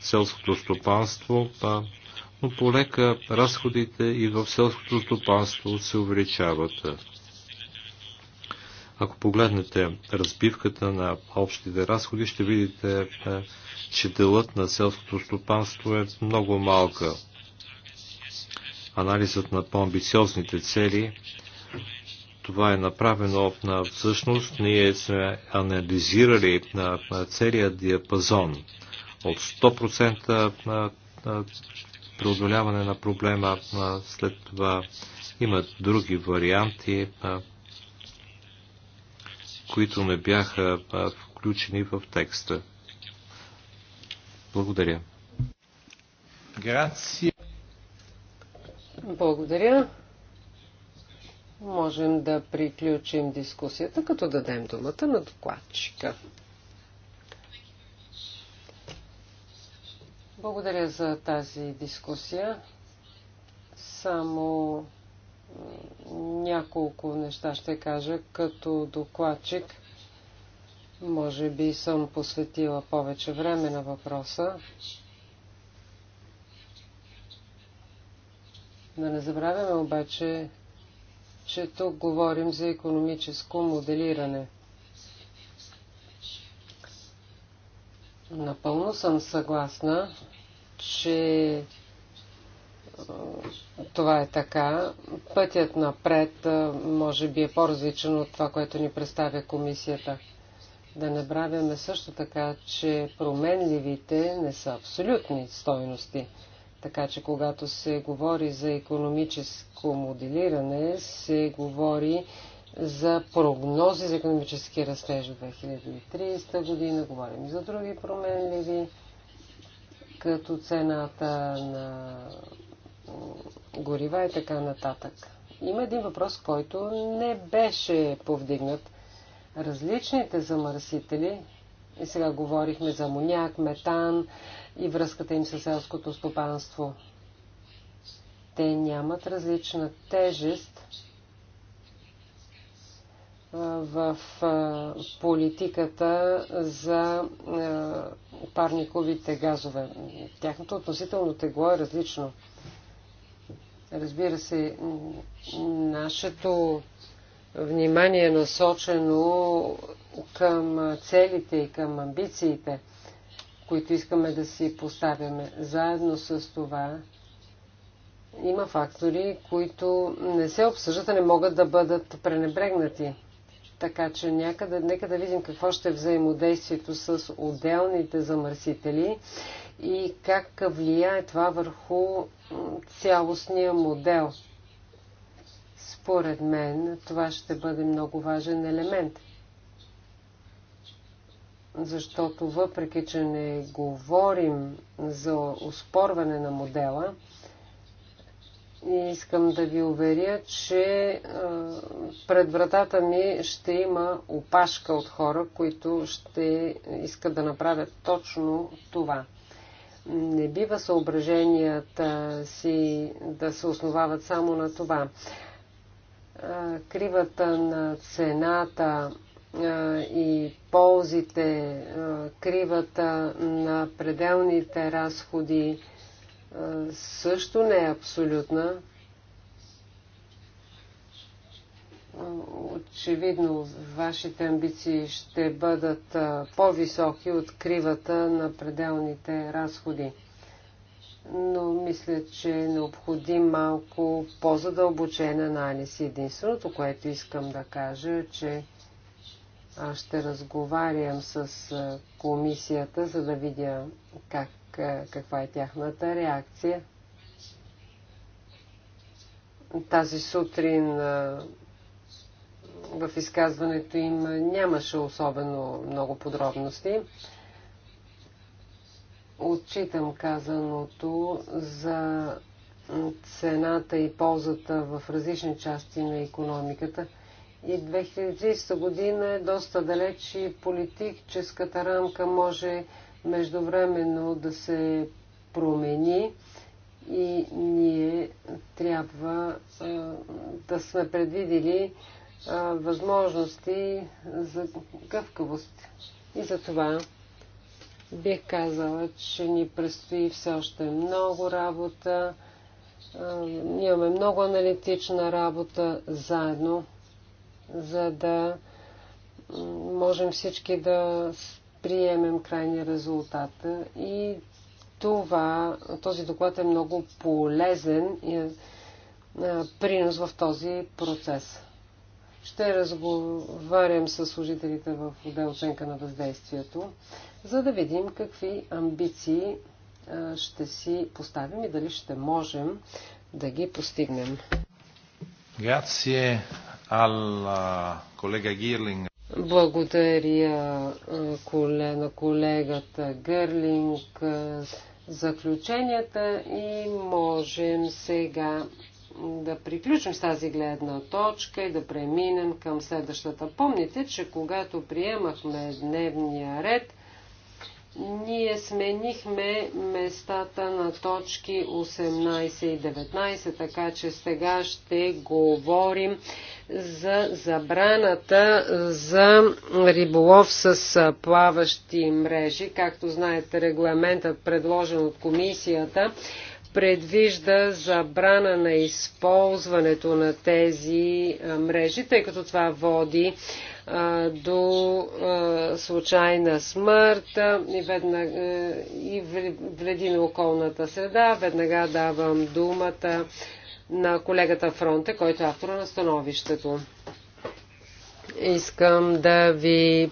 Speaker 1: селското стопанство, но полека разходите и в селското стопанство се увеличават. Ако погледнете разбивката на общите разходи, ще видите, че делът на селското стопанство е много малка анализът на по-амбициозните цели. Това е направено на всъщност. Ние сме анализирали на целия диапазон от 100% на, преодоляване на проблема. След това имат други варианти, които не бяха включени в текста. Благодаря. Грация.
Speaker 2: Благодаря. Можем да приключим дискусията, като дадем думата на докладчика. Благодаря за тази дискусия. Само няколко неща ще кажа. Като докладчик, може би съм посветила повече време на въпроса. Да не забравяме обаче, че тук говорим за економическо моделиране. Напълно съм съгласна, че е, това е така. Пътят напред е, може би е по-различен от това, което ни представя комисията. Да не бравяме също така, че променливите не са абсолютни стойности. Така че когато се говори за економическо моделиране, се говори за прогнози за економически растеж в 2030 година, говорим за други променливи, като цената на горива и така нататък. Има един въпрос, който не беше повдигнат. Различните замърсители, и сега говорихме за амоняк, метан, и връзката им с селското стопанство. Те нямат различна тежест в политиката за парниковите газове. Тяхното относително тегло е различно. Разбира се, нашето внимание е насочено към целите и към амбициите – които искаме да си поставяме. Заедно с това има фактори, които не се обсъждат, а не могат да бъдат пренебрегнати. Така че някъде, нека да видим какво ще е взаимодействието с отделните замърсители и как влияе това върху цялостния модел. Според мен това ще бъде много важен елемент – защото въпреки, че не говорим за успорване на модела, искам да ви уверя, че пред вратата ми ще има опашка от хора, които ще искат да направят точно това. Не бива съображенията си да се основават само на това. Кривата на цената и ползите, кривата на пределните разходи също не е абсолютна. Очевидно, вашите амбиции ще бъдат по-високи от кривата на пределните разходи. Но мисля, че е необходим малко по-задълбочен анализ. Единственото, което искам да кажа, е, че аз ще разговарям с комисията, за да видя как, каква е тяхната реакция. Тази сутрин в изказването им нямаше особено много подробности. Отчитам казаното за цената и ползата в различни части на економиката – и 2030 година е доста далеч и политическата рамка може междувременно да се промени и ние трябва а, да сме предвидели а, възможности за гъвкавост. И за това бих казала, че ни предстои все още много работа. А, ние имаме много аналитична работа заедно за да можем всички да приемем крайния резултат. И това, този доклад е много полезен и е, е, принос в този процес. Ще разговарям с служителите в отдел оценка на въздействието, за да видим какви амбиции е, ще си поставим и дали ще можем да ги постигнем.
Speaker 1: Grazie
Speaker 2: благодаря на колегата Гърлинг заключенията и можем сега да приключим с тази гледна точка и да преминем към следващата. Помните, че когато приемахме дневния ред, ние сменихме местата на точки 18 и 19, така че сега ще говорим за забраната за риболов с плаващи мрежи. Както знаете, регламентът, предложен от комисията, предвижда забрана на използването на тези мрежи, тъй като това води до случайна смърт и, веднага, и вреди на околната среда. Веднага давам думата на колегата Фронте, който е автор на становището. Искам да ви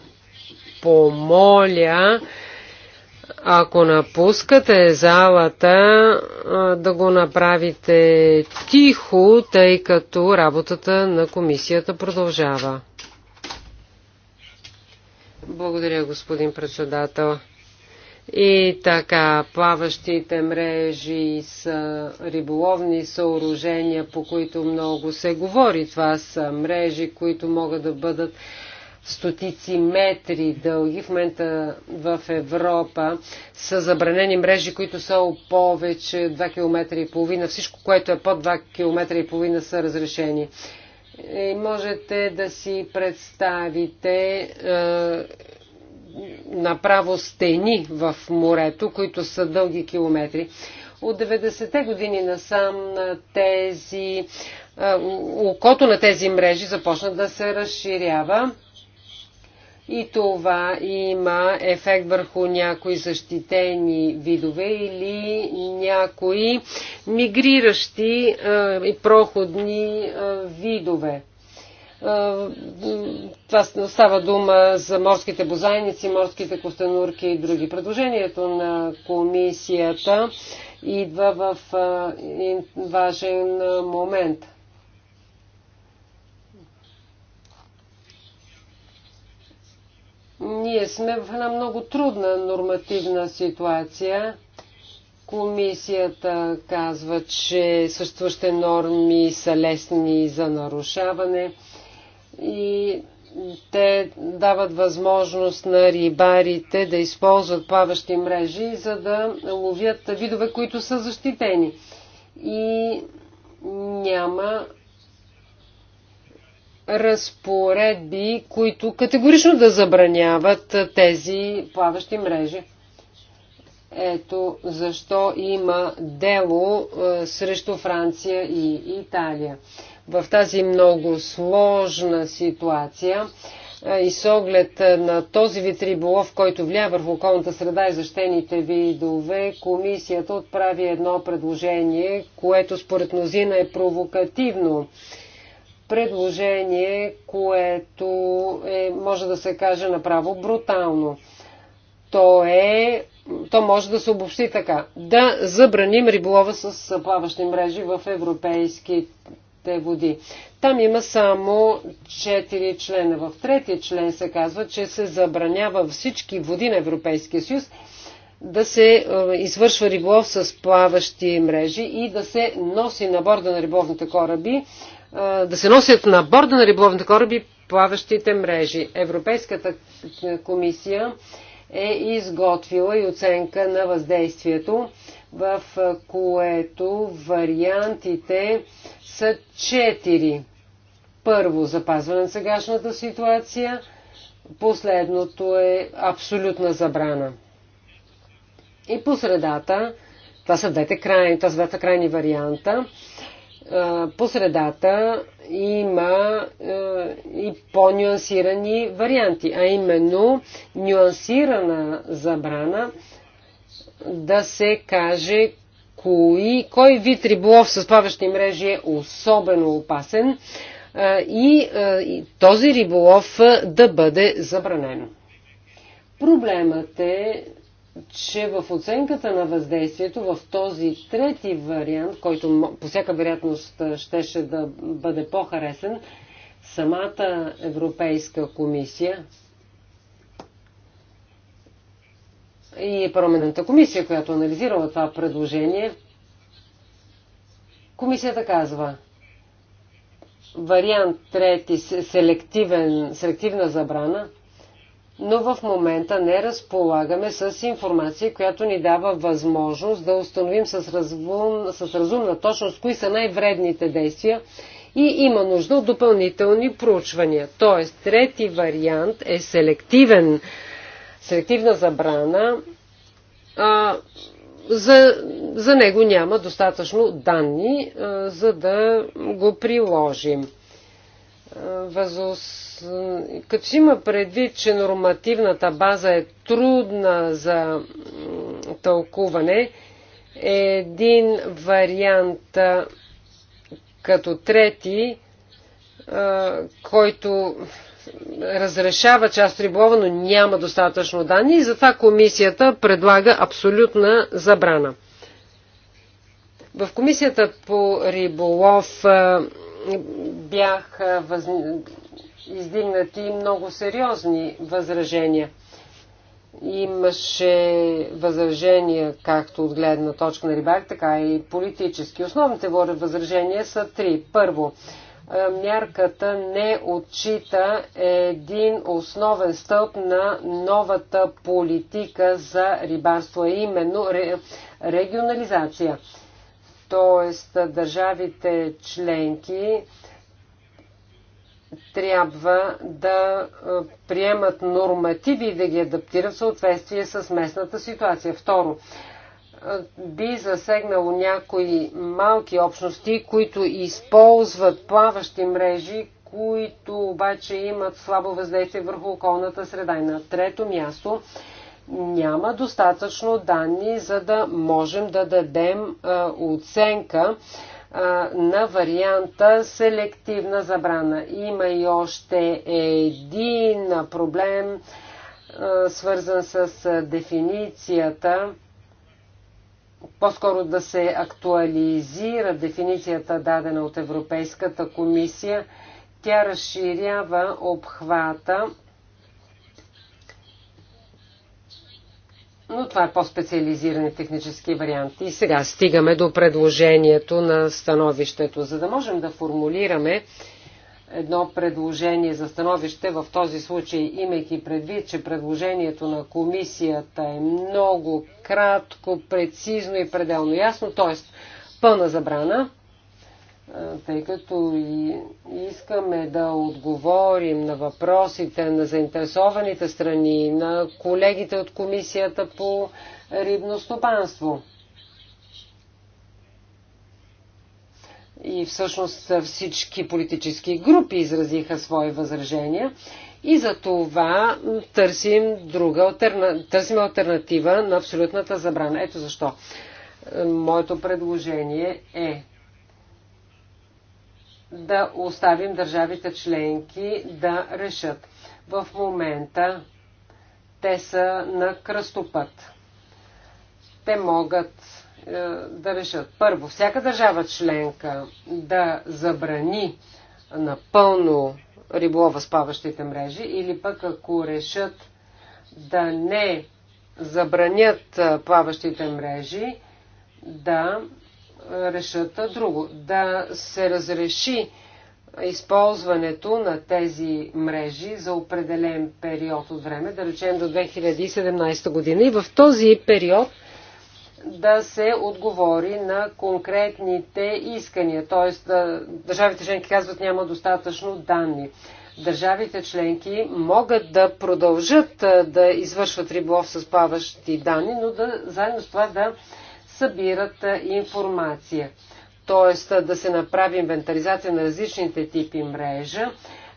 Speaker 2: помоля, ако напускате залата, да го направите тихо, тъй като работата на комисията продължава. Благодаря, господин председател. И така, плаващите мрежи са риболовни съоръжения, по които много се говори. Това са мрежи, които могат да бъдат стотици метри дълги. В момента в Европа са забранени мрежи, които са повече 2 км и половина. Всичко, което е под 2 км и половина са разрешени. И можете да си представите е, направо стени в морето, които са дълги километри. От 90-те години насам тези, окото на тези мрежи започна да се разширява и това има ефект върху някои защитени видове или някои мигриращи и проходни видове. Е, това става дума за морските бозайници, морските костенурки и други. Предложението на комисията идва в е, важен момент. Ние сме в една много трудна нормативна ситуация. Комисията казва, че съществуващите норми са лесни за нарушаване и те дават възможност на рибарите да използват плаващи мрежи, за да ловят видове, които са защитени. И няма разпоредби, които категорично да забраняват тези плаващи мрежи. Ето защо има дело е, срещу Франция и Италия в тази много сложна ситуация и с оглед на този вид риболов, който влия върху околната среда и защените видове, комисията отправи едно предложение, което според мнозина е провокативно предложение, което е, може да се каже направо брутално. То е, то може да се обобщи така. Да забраним риболова с плаващи мрежи в европейски те води. Там има само 4 члена. В третия член се казва, че се забранява всички води на Европейския съюз да се е, извършва риболов с плаващи мрежи и да се носи на борда на риболовните кораби е, да се носят на борда на риболовните кораби плаващите мрежи. Европейската комисия е изготвила и оценка на въздействието в което вариантите са четири. Първо, запазване на сегашната ситуация. Последното е абсолютна забрана. И по средата, това са двете крайни, това са двете крайни варианта, по средата има и по-нюансирани варианти, а именно нюансирана забрана – да се каже кои, кой вид риболов с плаващи мрежи е особено опасен и, и този риболов да бъде забранен. Проблемът е, че в оценката на въздействието в този трети вариант, който по всяка вероятност щеше да бъде по-харесен, самата Европейска комисия и парламентната комисия, която анализирала това предложение, комисията казва, вариант трети, селективен, селективна забрана, но в момента не разполагаме с информация, която ни дава възможност да установим с, разум, с разумна точност кои са най-вредните действия и има нужда от допълнителни проучвания. Тоест, трети вариант е селективен селективна забрана, а, за, за него няма достатъчно данни, а, за да го приложим. Възос... Като си има предвид, че нормативната база е трудна за тълкуване, е един вариант като трети, който разрешава част риболова, но няма достатъчно данни и затова комисията предлага абсолютна забрана. В комисията по риболов е, бяха въз... издигнати много сериозни възражения. Имаше възражения както от гледна точка на рибарите, така и политически. Основните възражения са три. Първо, е, мярката не отчита един основен стълб на новата политика за рибарство, а именно регионализация. Тоест държавите членки трябва да е, приемат нормативи и да ги адаптират в съответствие с местната ситуация. Второ, би засегнало някои малки общности, които използват плаващи мрежи, които обаче имат слабо въздействие върху околната среда. И на трето място няма достатъчно данни, за да можем да дадем а, оценка а, на варианта селективна забрана. Има и още един проблем, а, свързан с дефиницията по-скоро да се актуализира дефиницията дадена от Европейската комисия. Тя разширява обхвата, но това е по-специализиран технически вариант. И сега стигаме до предложението на становището. За да можем да формулираме едно предложение за становище. В този случай, имайки предвид, че предложението на комисията е много кратко, прецизно и пределно ясно, т.е. пълна забрана, тъй като и искаме да отговорим на въпросите на заинтересованите страни, на колегите от комисията по рибно стопанство. и всъщност всички политически групи изразиха свои възражения и за това търсим, друга алтерна... търсим альтернатива на абсолютната забрана. Ето защо. Моето предложение е да оставим държавите членки да решат. В момента те са на кръстопът. Те могат е, да решат. Първо, всяка държава членка да забрани напълно риболова с плаващите мрежи или пък ако решат да не забранят е, плаващите мрежи, да е, решат друго. Да се разреши използването на тези мрежи за определен период от време, да речем до 2017 година. И в този период да се отговори на конкретните искания. Т.е. държавите членки казват няма достатъчно данни. Държавите членки могат да продължат да извършват риболов с плаващи данни, но да, заедно с това да събират информация. Т.е. да се направи инвентаризация на различните типи мрежа,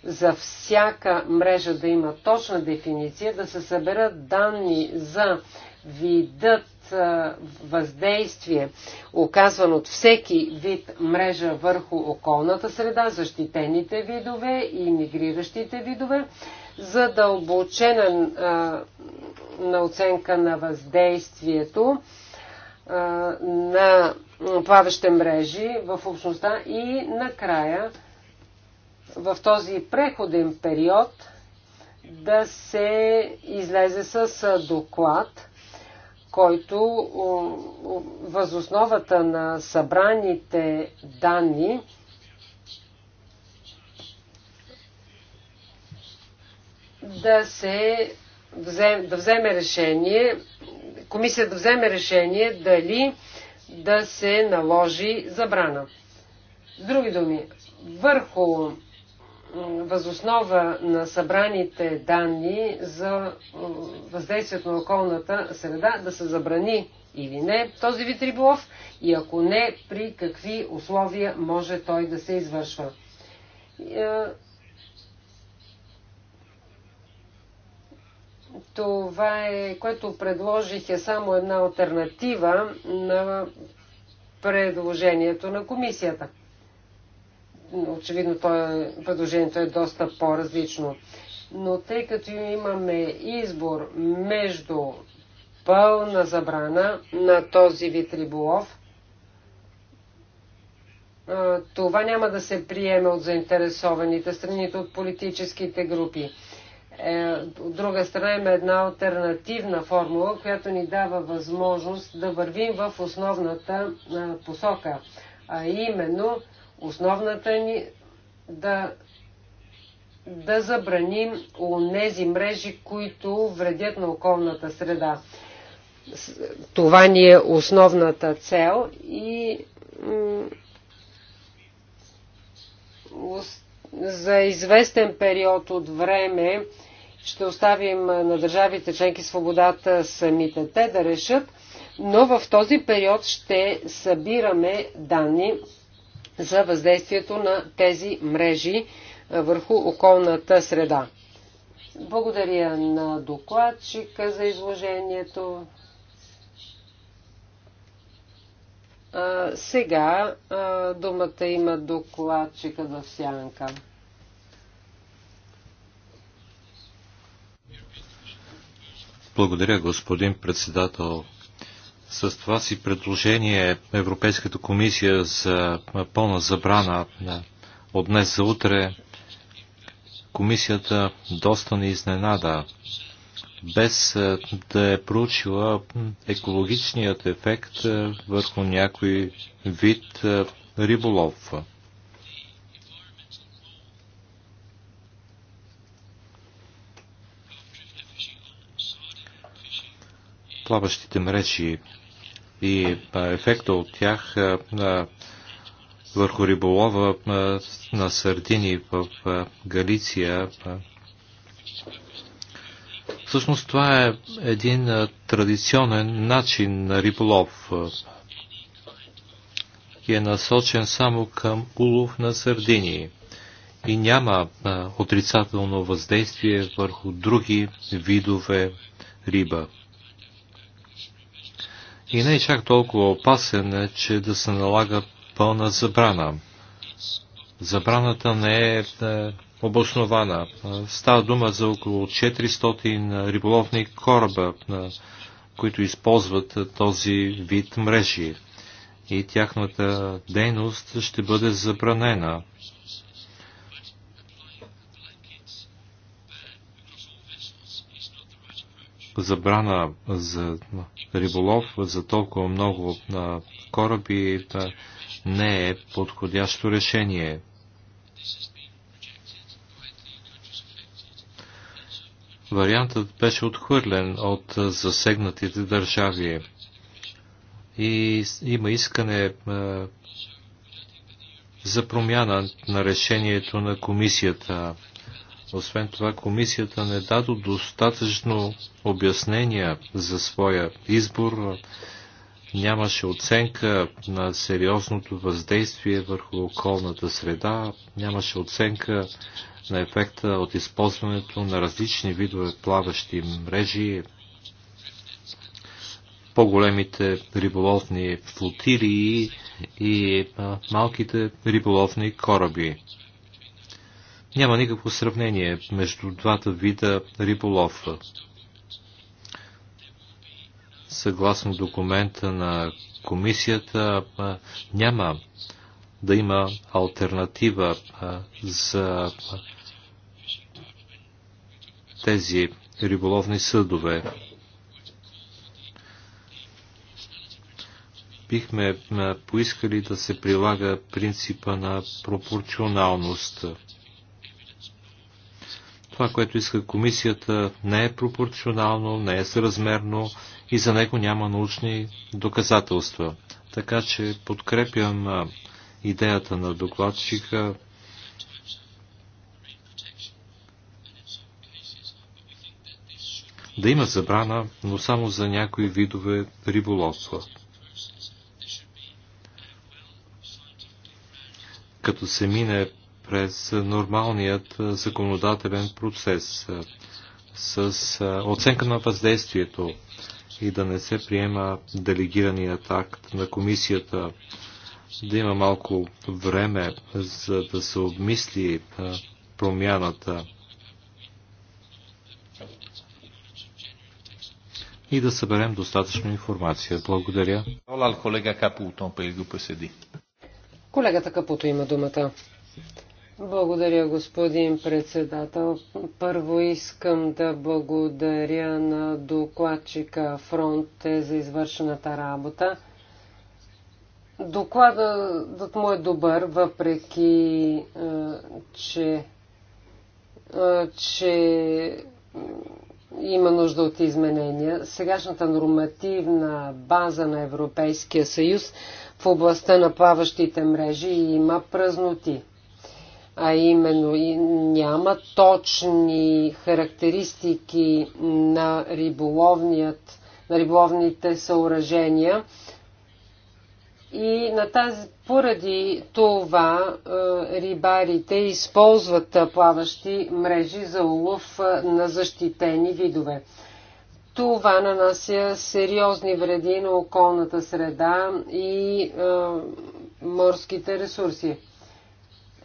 Speaker 2: за всяка мрежа да има точна дефиниция, да се съберат данни за видът въздействие, оказван от всеки вид мрежа върху околната среда, защитените видове и мигриращите видове, задълбочена на оценка на въздействието на плаващи мрежи в общността и накрая в този преходен период да се излезе с доклад – който възосновата на събраните данни да се вземе, да вземе решение, комисията да вземе решение дали да се наложи забрана. С други думи, върху възоснова на събраните данни за въздействието на околната среда да се забрани или не този вид риболов и ако не, при какви условия може той да се извършва. Е, това е, което предложих е само една альтернатива на предложението на комисията очевидно предложението е доста по-различно. Но тъй като имаме избор между пълна забрана на този вид риболов, това няма да се приеме от заинтересованите страните, от политическите групи. Е, от друга страна има една альтернативна формула, която ни дава възможност да вървим в основната посока, а именно Основната ни да да забраним онези мрежи, които вредят на околната среда. Това ни е основната цел и за известен период от време ще оставим на държавите членки свободата самите те да решат, но в този период ще събираме данни за въздействието на тези мрежи върху околната среда. Благодаря на докладчика за изложението. сега думата има докладчика в сянка.
Speaker 1: Благодаря, господин председател. С това си предложение Европейската комисия за пълна забрана от днес за утре комисията доста ни изненада, без е, да е проучила екологичният ефект е, върху някой вид е, риболов. Плаващите мрежи и ефекта от тях върху риболова на сардини в Галиция. Всъщност това е един традиционен начин на риболов и е насочен само към улов на сардини и няма отрицателно въздействие върху други видове риба и не е чак толкова опасен, е, че да се налага пълна забрана. Забраната не е, е обоснована. Става дума за около 400 риболовни кораба, които използват този вид мрежи и тяхната дейност ще бъде забранена. забрана за риболов за толкова много кораби не е подходящо решение. Вариантът беше отхвърлен от засегнатите държави и има искане за промяна на решението на комисията. Освен това, комисията не даде достатъчно обяснения за своя избор. Нямаше оценка на сериозното въздействие върху околната среда, нямаше оценка на ефекта от използването на различни видове плаващи мрежи, по-големите риболовни флотилии и малките риболовни кораби. Няма никакво сравнение между двата вида риболов. Съгласно документа на комисията няма да има альтернатива за тези риболовни съдове. Бихме поискали да се прилага принципа на пропорционалност – това, което иска комисията, не е пропорционално, не е съразмерно и за него няма научни доказателства. Така че подкрепям идеята на докладчика да има забрана, но само за някои видове риболовства. Като се мине през нормалният законодателен процес с оценка на въздействието и да не се приема делегираният акт на комисията, да има малко време за да се обмисли промяната и да съберем достатъчно информация. Благодаря.
Speaker 2: Колегата Капуто има думата. Благодаря, господин председател. Първо искам да благодаря на докладчика Фронте за извършената работа. Докладът му е добър, въпреки е, че, е, че има нужда от изменения. Сегашната нормативна база на Европейския съюз в областта на плаващите мрежи има празноти а именно и няма точни характеристики на, риболовният, на риболовните съоръжения. И на тази, поради това рибарите използват плаващи мрежи за улов на защитени видове. Това нанася сериозни вреди на околната среда и е, морските ресурси.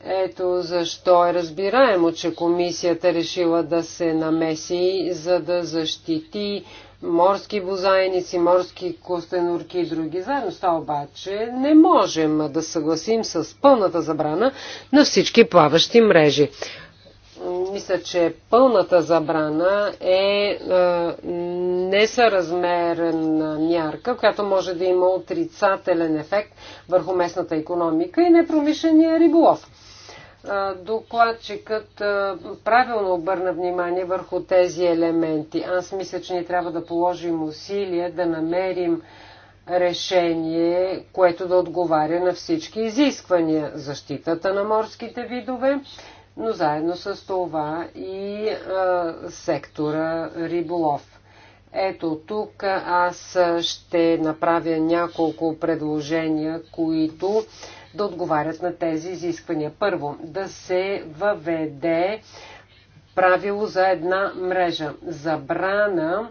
Speaker 2: Ето защо е разбираемо, че комисията решила да се намеси, за да защити морски бозайници, морски костенурки и други. Заедно с това обаче не можем да съгласим с пълната забрана на всички плаващи мрежи. Мисля, че пълната забрана е, е несъразмерна мярка, която може да има отрицателен ефект върху местната економика и непромишления риболов докладчикът правилно обърна внимание върху тези елементи. Аз мисля, че ние трябва да положим усилия да намерим решение, което да отговаря на всички изисквания. Защитата на морските видове, но заедно с това и а, сектора риболов. Ето тук аз ще направя няколко предложения, които да отговарят на тези изисквания. Първо, да се въведе правило за една мрежа. Забрана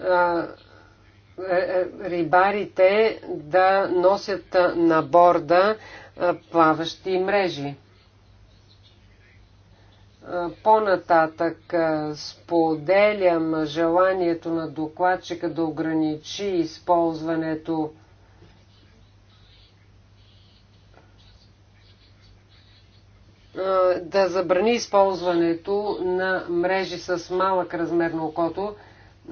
Speaker 2: е, е, рибарите да носят на борда плаващи мрежи. По-нататък споделям желанието на докладчика да ограничи използването да забрани използването на мрежи с малък размер на окото.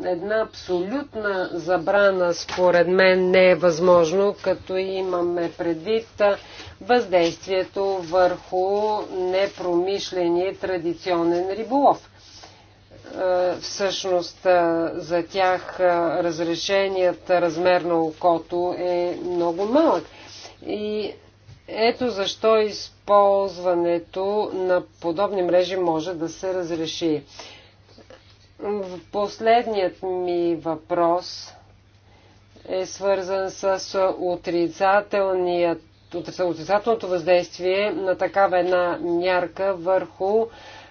Speaker 2: Една абсолютна забрана според мен не е възможно, като имаме предвид въздействието върху непромишления традиционен риболов. Всъщност за тях разрешеният размер на окото е много малък. И ето защо използването на подобни мрежи може да се разреши. Последният ми въпрос е свързан с отрицателното въздействие на такава една мярка върху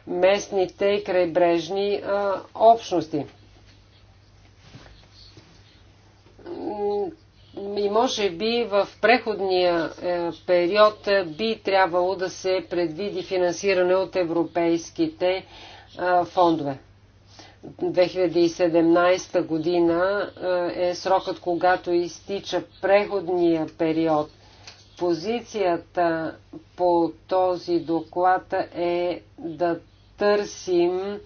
Speaker 2: местните и крайбрежни а, общности и може би в преходния е, период е, би трябвало да се предвиди финансиране от европейските е, фондове. 2017 година е срокът, когато изтича преходния период. Позицията по този доклад е да търсим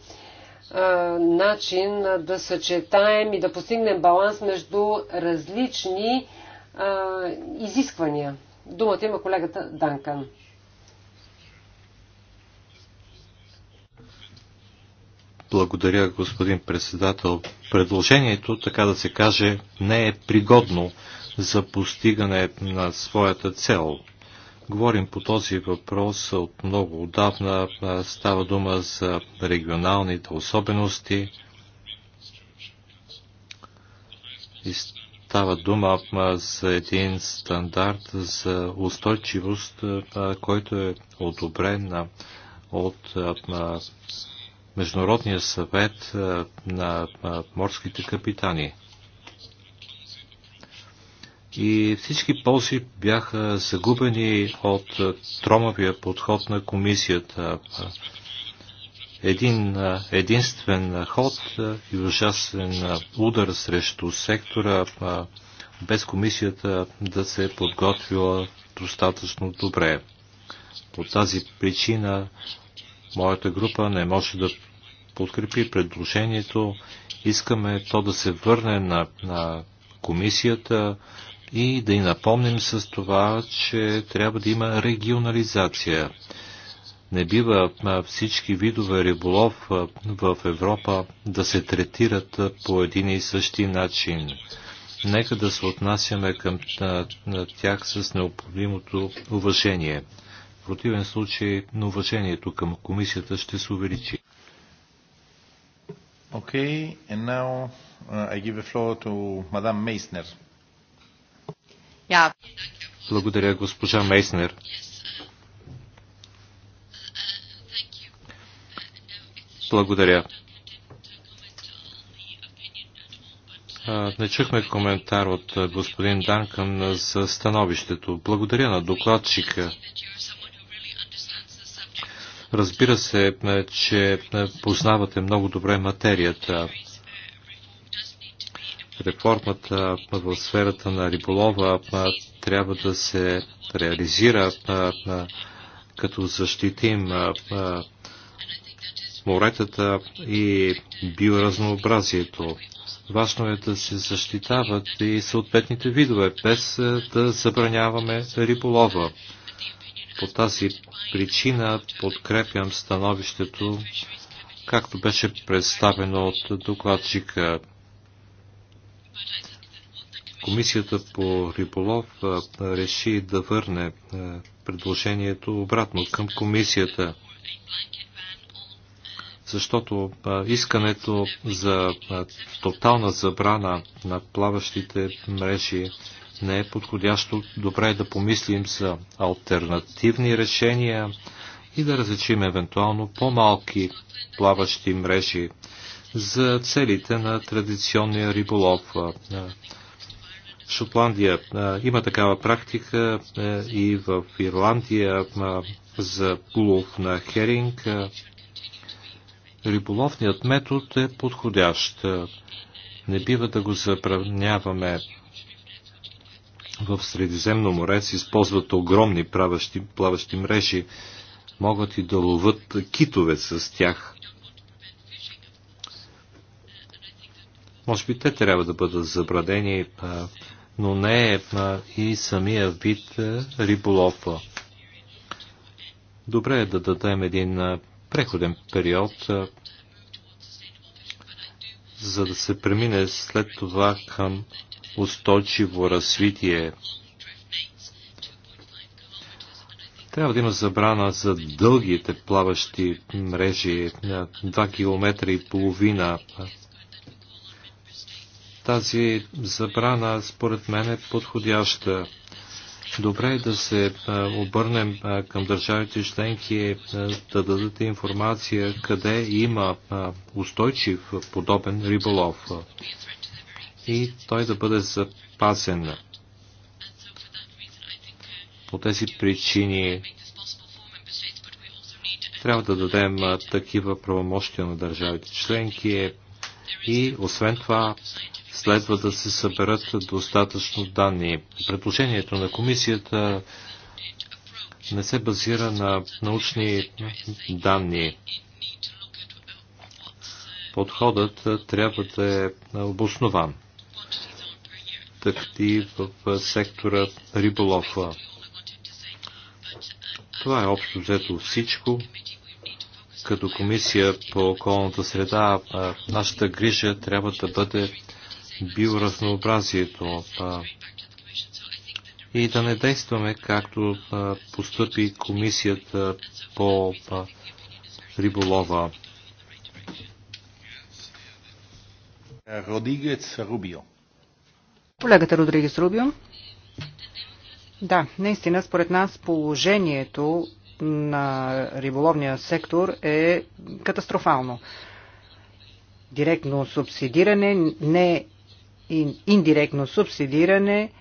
Speaker 2: начин да съчетаем и да постигнем баланс между различни изисквания. Думата има колегата Данкан.
Speaker 1: Благодаря, господин председател. Предложението, така да се каже, не е пригодно за постигане на своята цел. Говорим по този въпрос от много отдавна. Става дума за регионалните особености. И става дума за един стандарт за устойчивост, който е одобрен от Международния съвет на морските капитани и всички ползи бяха загубени от тромавия подход на комисията. Един единствен ход и ужасен удар срещу сектора, без комисията да се е подготвила достатъчно добре. По тази причина моята група не може да подкрепи предложението. Искаме то да се върне на, на комисията и да им напомним с това, че трябва да има регионализация. Не бива всички видове риболов в Европа да се третират по един и същи начин. Нека да се отнасяме към тях с необходимото уважение. В противен случай на уважението към комисията ще се увеличи. Okay, and now uh, I give the floor to Madame Meissner. Ja. Благодаря, госпожа Мейснер. Благодаря. Не чухме коментар от господин Данкън за становището. Благодаря на докладчика. Разбира се, че познавате много добре материята реформата в сферата на риболова трябва да се реализира като защитим моретата и биоразнообразието. Важно е да се защитават и съответните видове, без да забраняваме риболова. По тази причина подкрепям становището, както беше представено от докладчика Комисията по риболов реши да върне предложението обратно към комисията, защото искането за тотална забрана на плаващите мрежи не е подходящо. Добре е да помислим за альтернативни решения и да различим евентуално по-малки плаващи мрежи за целите на традиционния риболов. В Шотландия има такава практика и в Ирландия за улов на херинг. Риболовният метод е подходящ. Не бива да го забраняваме. В Средиземно море се използват огромни плаващи мрежи. Могат и да ловат китове с тях. Може би те трябва да бъдат забранени, но не и самия вид риболов. Добре е да дадем един преходен период, за да се премине след това към устойчиво развитие. Трябва да има забрана за дългите плаващи мрежи, 2 км и половина тази забрана, според мен, е подходяща. Добре е да се обърнем към държавите членки да дадат информация къде има устойчив подобен риболов и той да бъде запасен. По тези причини трябва да дадем такива правомощия на държавите членки и освен това Следва да се съберат достатъчно данни. Предложението на комисията не се базира на научни данни. Подходът трябва да е обоснован. Такти в сектора риболов. Това е общо взето всичко. Като комисия по околната среда, нашата грижа трябва да бъде биоразнообразието и да не действаме както поступи комисията по риболова. Родигец Рубио.
Speaker 3: Колегата Родригес Рубио. Да, наистина, според нас положението на риболовния сектор е катастрофално. Директно субсидиране, не индиректно субсидиране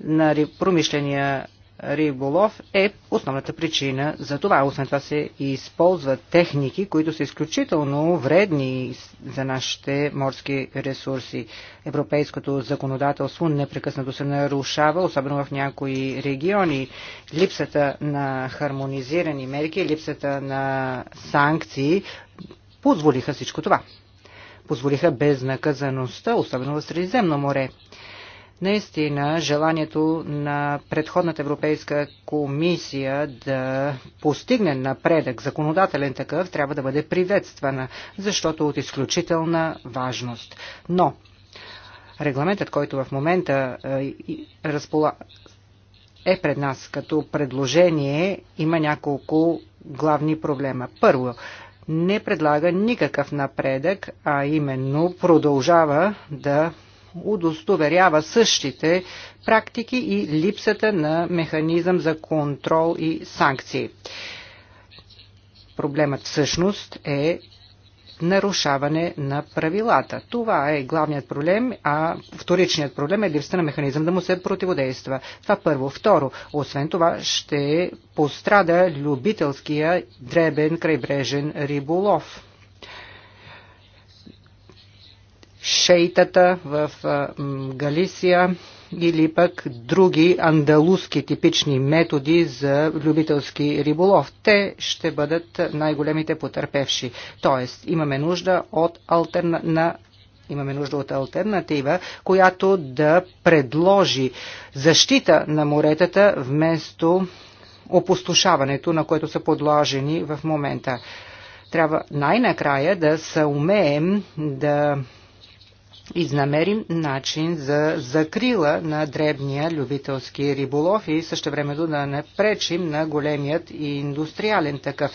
Speaker 3: на промишления риболов е основната причина за това. Освен това се използват техники, които са изключително вредни за нашите морски ресурси. Европейското законодателство непрекъснато се нарушава, особено в някои региони. Липсата на хармонизирани мерки, липсата на санкции позволиха всичко това позволиха безнаказаността, особено в Средиземно море. Наистина, желанието на предходната Европейска комисия да постигне напредък, законодателен такъв, трябва да бъде приветствана, защото е от изключителна важност. Но регламентът, който в момента е, е пред нас като предложение, има няколко главни проблема. Първо, не предлага никакъв напредък, а именно продължава да удостоверява същите практики и липсата на механизъм за контрол и санкции. Проблемът всъщност е нарушаване на правилата. Това е главният проблем, а вторичният проблем е липсата на механизъм да му се противодейства. Това първо. Второ, освен това ще пострада любителския дребен крайбрежен риболов. Шейтата в Галисия или пък други андалузки типични методи за любителски риболов. Те ще бъдат най-големите потърпевши. Тоест, имаме нужда от алтерна... на Имаме нужда от альтернатива, която да предложи защита на моретата вместо опустошаването, на което са подложени в момента. Трябва най-накрая да съумеем да изнамерим начин за закрила на дребния любителски риболов и също времето да не пречим на големият и индустриален такъв.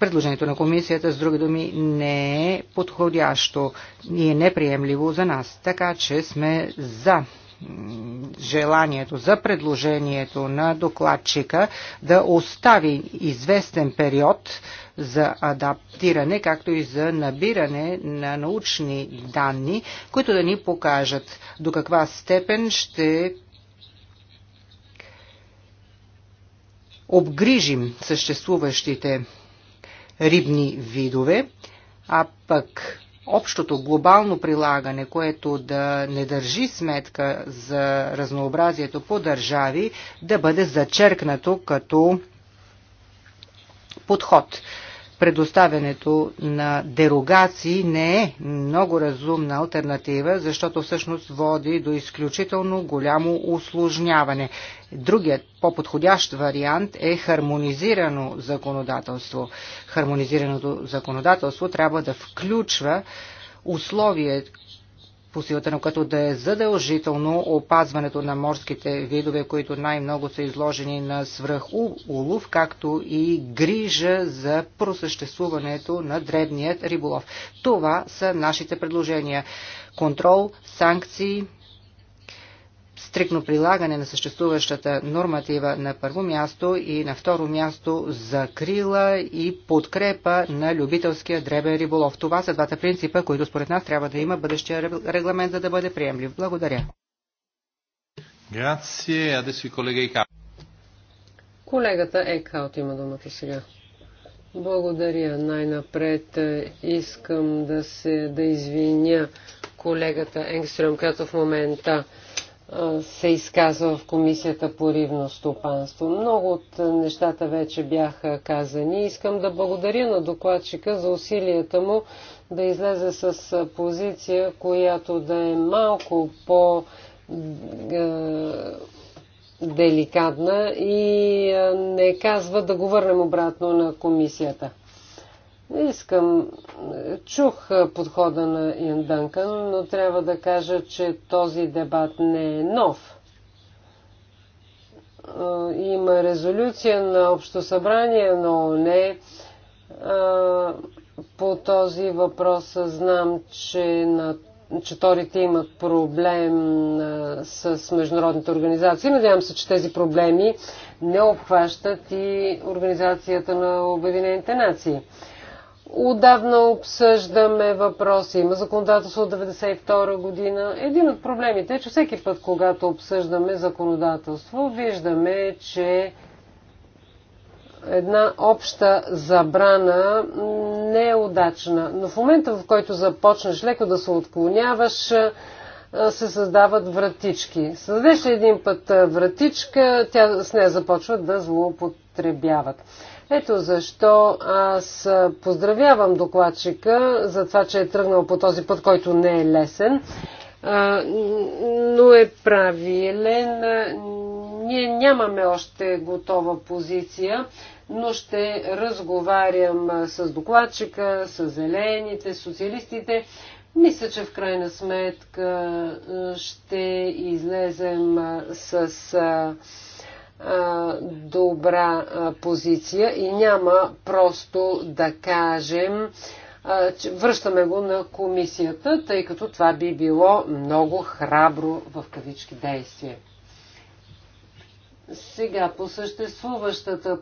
Speaker 3: Предложението на комисията, с други думи, не е подходящо и е неприемливо за нас, така че сме за желанието, за предложението на докладчика да остави известен период, за адаптиране, както и за набиране на научни данни, които да ни покажат до каква степен ще обгрижим съществуващите рибни видове, а пък общото глобално прилагане, което да не държи сметка за разнообразието по държави, да бъде зачеркнато като подход предоставянето на дерогации не е много разумна альтернатива, защото всъщност води до изключително голямо усложняване. Другият по-подходящ вариант е хармонизирано законодателство. Хармонизираното законодателство трябва да включва условие, по силата на като да е задължително опазването на морските видове, които най-много са изложени на свръхулов, както и грижа за просъществуването на дребният риболов. Това са нашите предложения. Контрол, санкции, стрикно прилагане на съществуващата норматива на първо място и на второ място закрила и подкрепа на любителския дребен риболов. Това са двата принципа, които според нас трябва да има бъдещия регламент, за да бъде приемлив. Благодаря.
Speaker 1: Грация. колега
Speaker 2: Колегата Екхаут има думата сега. Благодаря. Най-напред е, искам да се да извиня колегата Енгстрем, която в момента се изказва в Комисията по ривно стопанство. Много от нещата вече бяха казани. Искам да благодаря на докладчика за усилията му да излезе с позиция, която да е малко по деликатна и не казва да го върнем обратно на комисията. Искам, чух подхода на Ян Дънкън, но трябва да кажа, че този дебат не е нов. Има резолюция на Общо събрание но не. по този въпрос. Знам, че на че торите имат проблем с международните организации. Надявам се, че тези проблеми не обхващат и Организацията на Обединените нации. Отдавна обсъждаме въпроси. Има законодателство от 1992 година. Един от проблемите е, че всеки път, когато обсъждаме законодателство, виждаме, че една обща забрана не е удачна. Но в момента, в който започнеш леко да се отклоняваш, се създават вратички. Създадеш един път вратичка, тя с нея започват да злоупотребяват. Ето защо аз поздравявам докладчика за това, че е тръгнал по този път, който не е лесен, но е правилен. Ние нямаме още готова позиция, но ще разговарям с докладчика, с зелените, социалистите. Мисля, че в крайна сметка ще излезем с добра позиция и няма просто да кажем, връщаме го на комисията, тъй като това би било много храбро в кавички действие. Сега по съществуващата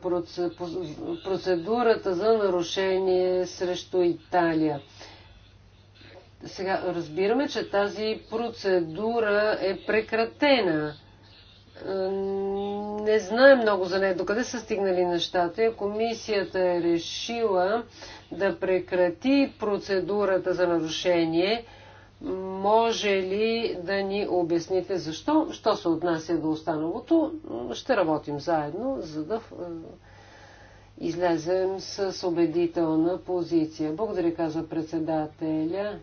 Speaker 2: процедурата за нарушение срещу Италия. Сега разбираме, че тази процедура е прекратена не знае много за нея. Докъде са стигнали нещата? Комисията е решила да прекрати процедурата за нарушение. Може ли да ни обясните защо? Що се отнася до останалото? Ще работим заедно, за да е, излезем с убедителна позиция. Благодаря, казва председателя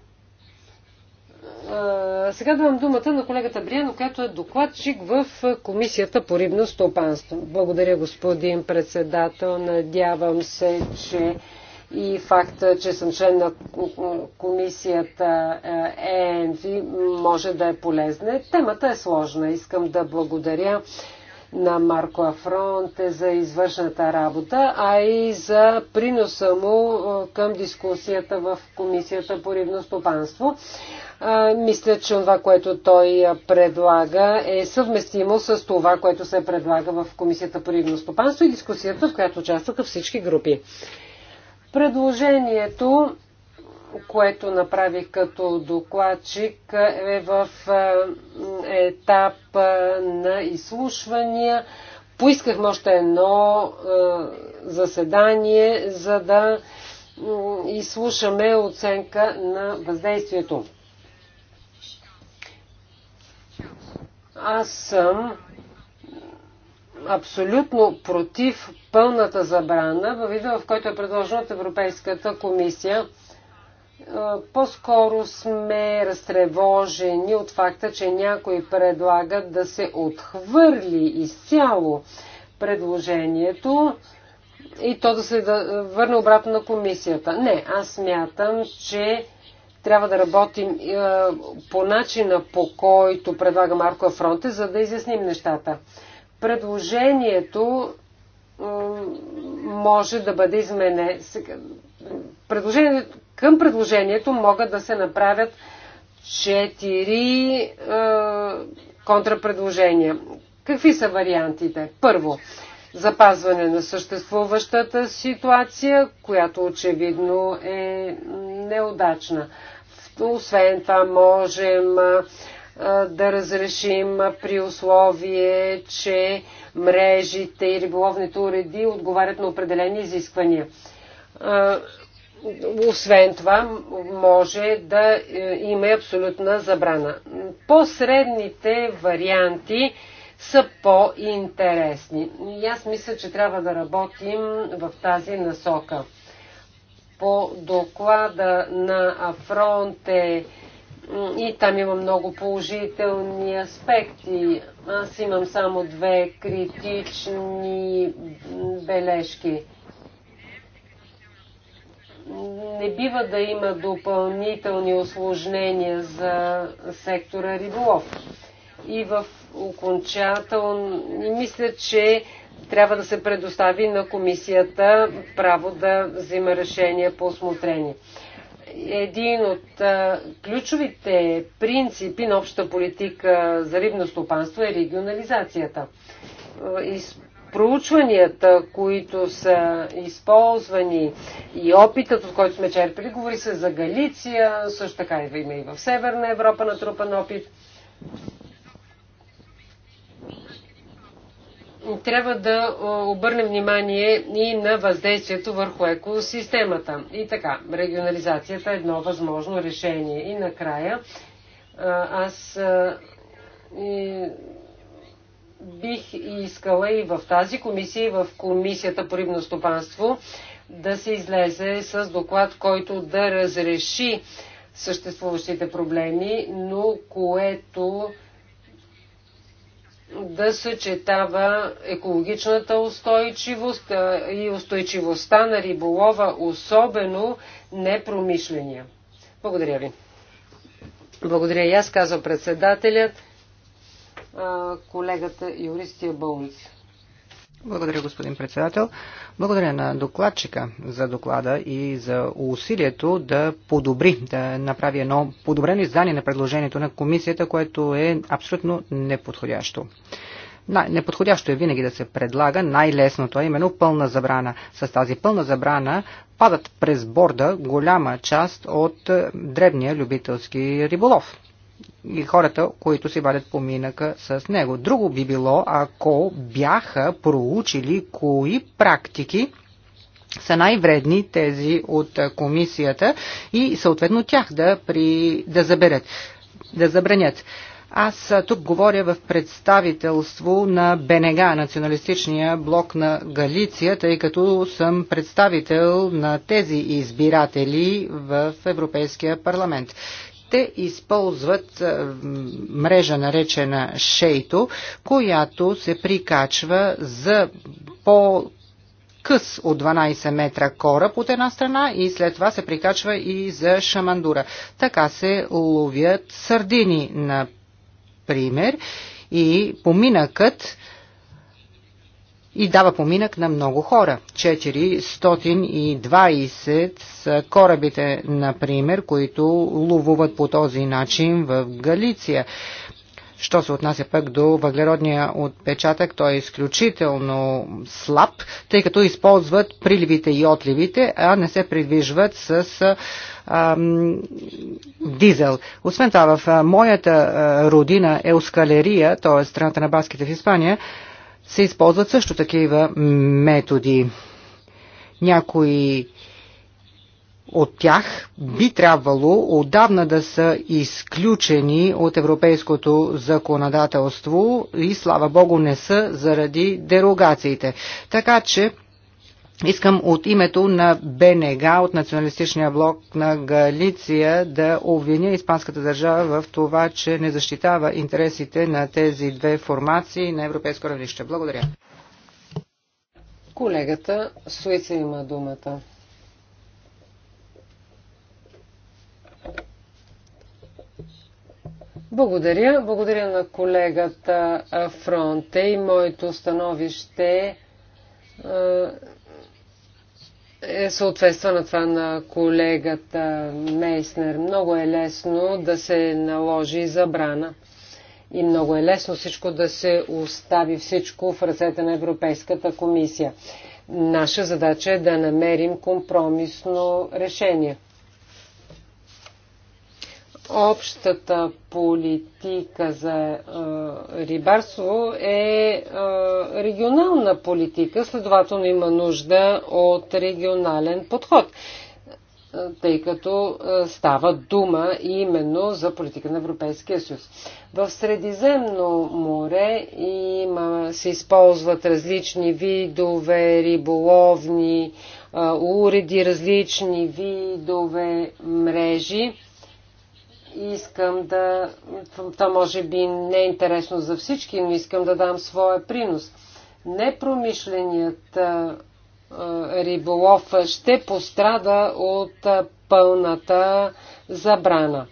Speaker 2: сега давам думата на колегата Бриано, която е докладчик в Комисията по рибно стопанство. Благодаря, господин председател. Надявам се, че и факта, че съм член на комисията ЕНВИ е, е, може да е полезна. Темата е сложна. Искам да благодаря на Марко Афронте за извършната работа, а и за приноса му към дискусията в Комисията по ривно стопанство. Мисля, че това, което той предлага е съвместимо с това, което се предлага в Комисията по ривно стопанство и дискусията, в която участваха всички групи. Предложението което направих като докладчик, е в е, етап е, на изслушвания. Поискахме още едно е, заседание, за да изслушаме оценка на въздействието. Аз съм абсолютно против пълната забрана във вида, в който е предложена от Европейската комисия. Е, по-скоро сме разтревожени от факта, че някои предлагат да се отхвърли изцяло предложението и то да се да върне обратно на комисията. Не, аз смятам, че трябва да работим е, по начина, по който предлага Марко Афронте, за да изясним нещата. Предложението е, може да бъде измене. Предложението, към предложението могат да се направят четири е, контрапредложения. Какви са вариантите? Първо, запазване на съществуващата ситуация, която очевидно е неудачна. Освен това, можем е, да разрешим при условие, че мрежите и риболовните уреди отговарят на определени изисквания. Е, освен това, може да е, има абсолютна забрана. Посредните варианти са по-интересни. И аз мисля, че трябва да работим в тази насока. По доклада на Афронте и там има много положителни аспекти. Аз имам само две критични бележки не бива да има допълнителни осложнения за сектора риболов. И в окончателно мисля, че трябва да се предостави на комисията право да взима решение по осмотрение. Един от ключовите принципи на общата политика за рибно стопанство е регионализацията проучванията, които са използвани и опитът, от който сме черпили, говори се за Галиция, също така има и в Северна Европа натрупан опит. Трябва да обърнем внимание и на въздействието върху екосистемата. И така, регионализацията е едно възможно решение. И накрая аз бих искала и в тази комисия, и в комисията по рибно стопанство да се излезе с доклад, който да разреши съществуващите проблеми, но което да съчетава екологичната устойчивост и устойчивостта на риболова, особено непромишления. Благодаря ви. Благодаря и аз, казва председателят колегата Юристия Бълниц.
Speaker 3: Благодаря, господин председател. Благодаря на докладчика за доклада и за усилието да подобри, да направи едно подобрено издание на предложението на комисията, което е абсолютно неподходящо. Неподходящо е винаги да се предлага най-лесното, а е именно пълна забрана. С тази пълна забрана падат през борда голяма част от дребния любителски риболов и хората, които си вадят поминъка с него. Друго би било, ако бяха проучили кои практики са най-вредни тези от комисията и съответно тях да, при, да, заберят, да забранят. Аз тук говоря в представителство на БНГ, националистичния блок на Галиция, тъй като съм представител на тези избиратели в Европейския парламент те използват е, мрежа наречена Шейто, която се прикачва за по къс от 12 метра кораб от една страна и след това се прикачва и за шамандура. Така се ловят сърдини, например, и поминъкът и дава поминък на много хора. 420 са корабите, например, които ловуват по този начин в Галиция. Що се отнася пък до въглеродния отпечатък, той е изключително слаб, тъй като използват приливите и отливите, а не се придвижват с ам, дизел. Освен това, в моята родина Еускалерия, т.е. страната на баските в Испания, се използват също такива методи. Някои от тях би трябвало отдавна да са изключени от европейското законодателство и слава богу не са заради дерогациите. Така че Искам от името на БНГ, от националистичния блок на Галиция, да обвиня испанската държава в това, че не защитава интересите на тези две формации на европейско равнище. Благодаря.
Speaker 2: Колегата Суица има думата. Благодаря. Благодаря на колегата Фронте и моето становище е съответства на това на колегата Мейснер. Много е лесно да се наложи забрана. И много е лесно всичко да се остави всичко в ръцете на Европейската комисия. Наша задача е да намерим компромисно решение общата политика за е, рибарство е, е регионална политика, следователно има нужда от регионален подход, е, тъй като става дума именно за политика на Европейския съюз. В Средиземно море има, се използват различни видове риболовни уреди, различни видове мрежи Искам да... Това може би не е интересно за всички, но искам да дам своя принос. Непромишленият риболов ще пострада от пълната забрана.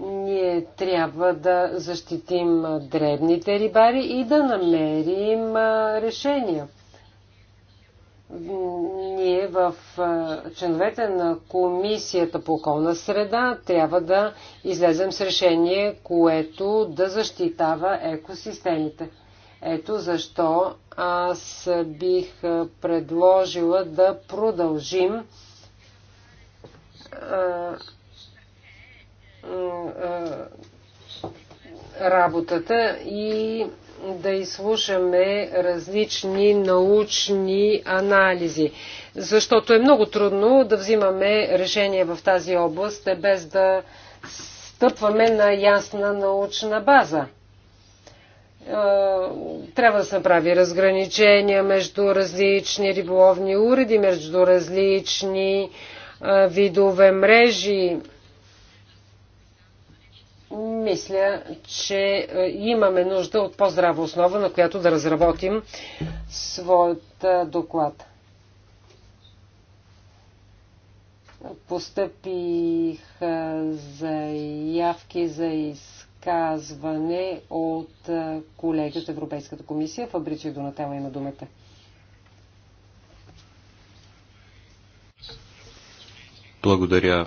Speaker 2: Ние трябва да защитим дребните рибари и да намерим решения ние в членовете на Комисията по околна среда трябва да излезем с решение, което да защитава екосистемите. Ето защо аз бих предложила да продължим работата и да изслушаме различни научни анализи, защото е много трудно да взимаме решение в тази област, е без да стъпваме на ясна научна база. Е, трябва да се направи разграничения между различни риболовни уреди, между различни е, видове мрежи, мисля, че е, имаме нужда от по-здрава основа, на която да разработим своят доклад. Постъпих е, заявки за изказване от е, колеги от Европейската комисия. Фабрицио Донатела има думата.
Speaker 1: Благодаря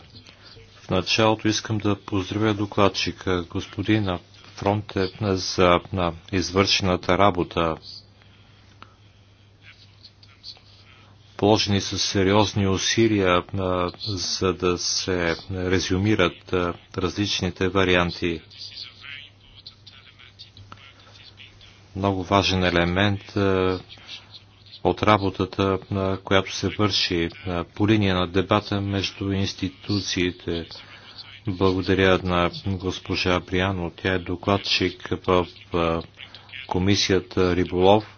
Speaker 1: в началото искам да поздравя докладчика господина Фронтен за на извършената работа. Положени са сериозни усилия, а, за да се резюмират а, различните варианти. Много важен елемент а, от работата, която се върши по линия на дебата между институциите. Благодаря на госпожа Бриано. Тя е докладчик в комисията Риболов.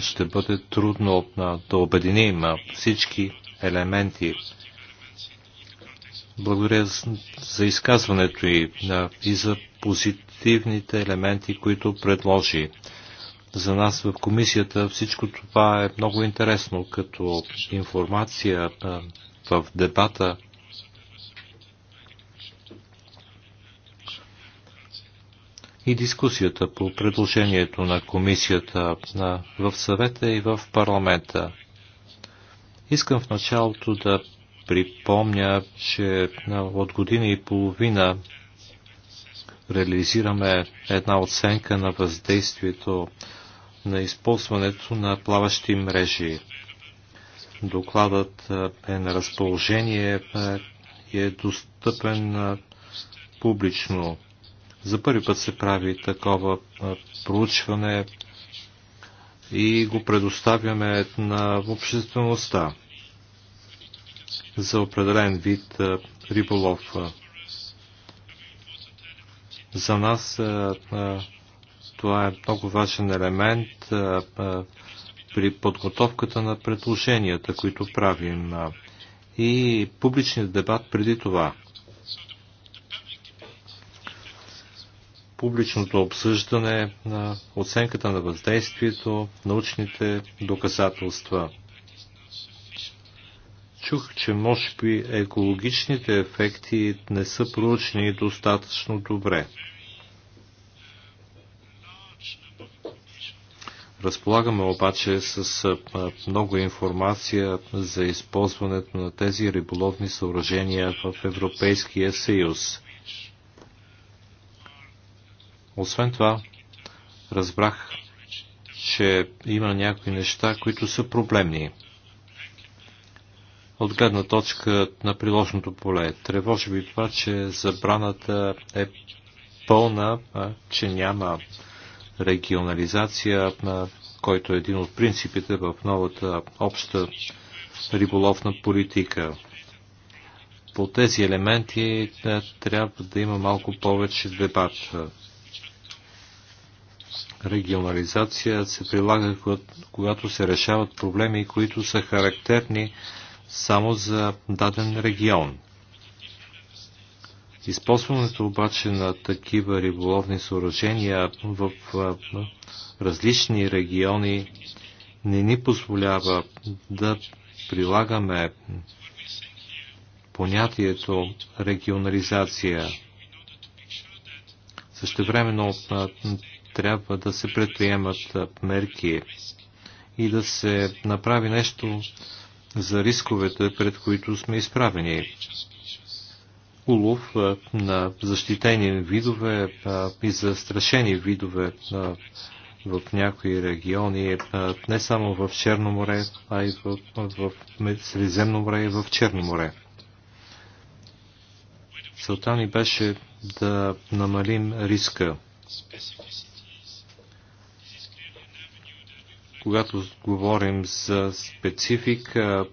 Speaker 1: Ще бъде трудно да обединим всички елементи. Благодаря за изказването и, и за позитивните елементи, които предложи. За нас в комисията всичко това е много интересно като информация е, в дебата. И дискусията по предложението на комисията е, в съвета и в парламента. Искам в началото да припомня, че е, от година и половина реализираме една оценка на въздействието на използването на плаващи мрежи. Докладът е на разположение и е достъпен публично. За първи път се прави такова проучване и го предоставяме на обществеността за определен вид риболов. За нас това е много важен елемент при подготовката на предложенията, които правим и публичният дебат преди това. Публичното обсъждане а, оценката на въздействието, научните доказателства. Чух, че може би екологичните ефекти не са проучени достатъчно добре. Разполагаме обаче с много информация за използването на тези риболовни съоръжения в Европейския съюз. Освен това, разбрах, че има някои неща, които са проблемни. От гледна точка на приложното поле, тревожи би това, че забраната е пълна, че няма регионализация, който е един от принципите в новата обща риболовна политика. По тези елементи трябва да има малко повече дебат. Регионализация се прилага, когато се решават проблеми, които са характерни само за даден регион. Използването обаче на такива риболовни съоръжения в различни региони не ни позволява да прилагаме понятието регионализация. времено трябва да се предприемат мерки и да се направи нещо за рисковете, пред които сме изправени улов на защитени видове и застрашени видове в някои региони, не само в Черно море, а и в, Средиземно море и в Черно море. Целта ни беше да намалим риска когато говорим за специфика,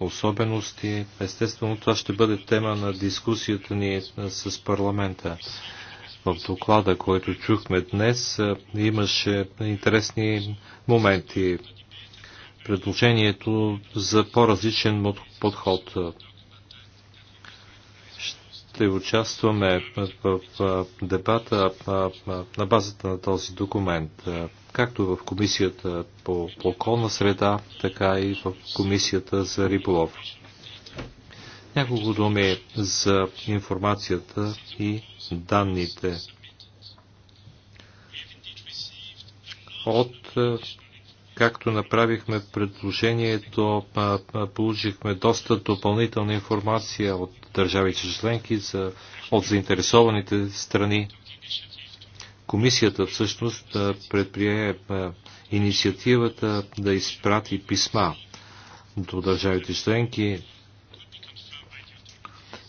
Speaker 1: особености, естествено това ще бъде тема на дискусията ни с парламента. В доклада, който чухме днес, имаше интересни моменти. Предложението за по-различен подход ще участваме в дебата на базата на този документ, както в Комисията по околна среда, така и в Комисията за риболов. Няколко думи за информацията и данните. От както направихме предложението, получихме доста допълнителна информация от държави членки, за, от заинтересованите страни. Комисията всъщност предприе инициативата да изпрати писма до държавите членки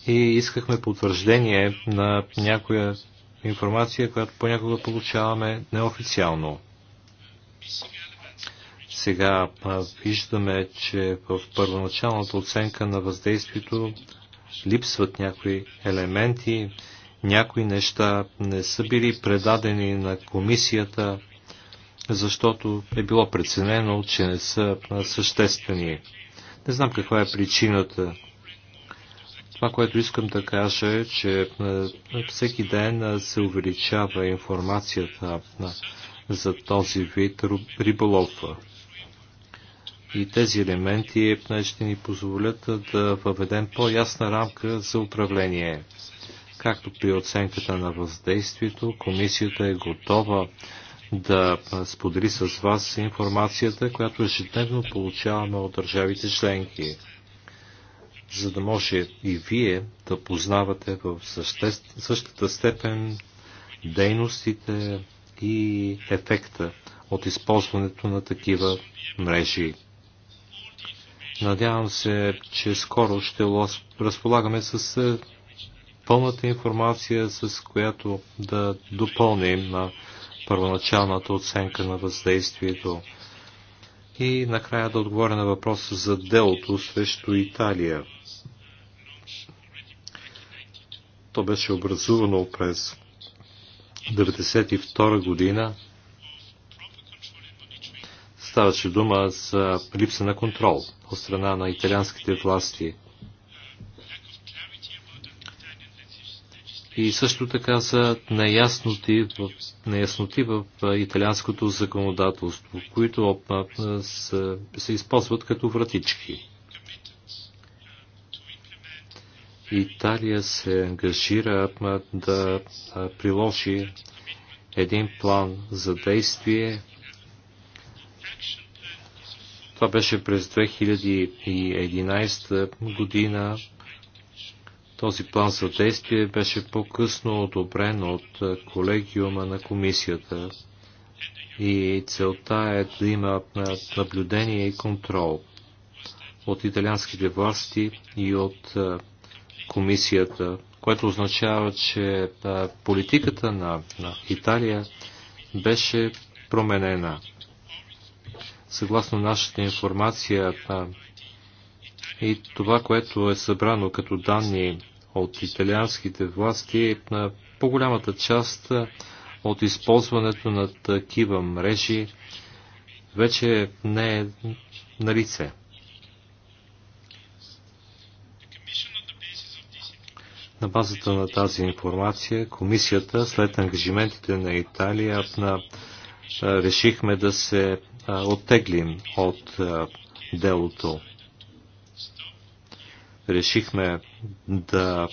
Speaker 1: и искахме потвърждение на някоя информация, която понякога получаваме неофициално. Сега виждаме, че в първоначалната оценка на въздействието липсват някои елементи, някои неща не са били предадени на комисията, защото е било преценено, че не са съществени. Не знам каква е причината. Това, което искам да кажа е, че всеки ден се увеличава информацията за този вид риболов. И тези елементи ще ни позволят да въведем по-ясна рамка за управление. Както при оценката на въздействието, комисията е готова да сподели с вас информацията, която ежедневно получаваме от държавите членки, за да може и вие да познавате в същата степен дейностите и ефекта от използването на такива мрежи. Надявам се, че скоро ще разполагаме с е, пълната информация, с която да допълним на първоначалната оценка на въздействието. И накрая да отговоря на въпроса за делото срещу Италия. То беше образувано през 1992 година Ставаше дума за липса на контрол от страна на италианските власти. И също така за неясноти в, неясноти в италианското законодателство, които се, се използват като вратички. Италия се ангажира да приложи един план за действие това беше през 2011 година. Този план за действие беше по-късно одобрен от колегиума на комисията и целта е да има наблюдение и контрол от италианските власти и от комисията, което означава, че политиката на, на Италия беше променена. Съгласно нашата информация и това, което е събрано като данни от италианските власти, на е, по-голямата част от използването на такива мрежи вече не е на лице. На базата на тази информация, комисията след ангажиментите на Италия на, решихме да се оттеглим от делото. Решихме да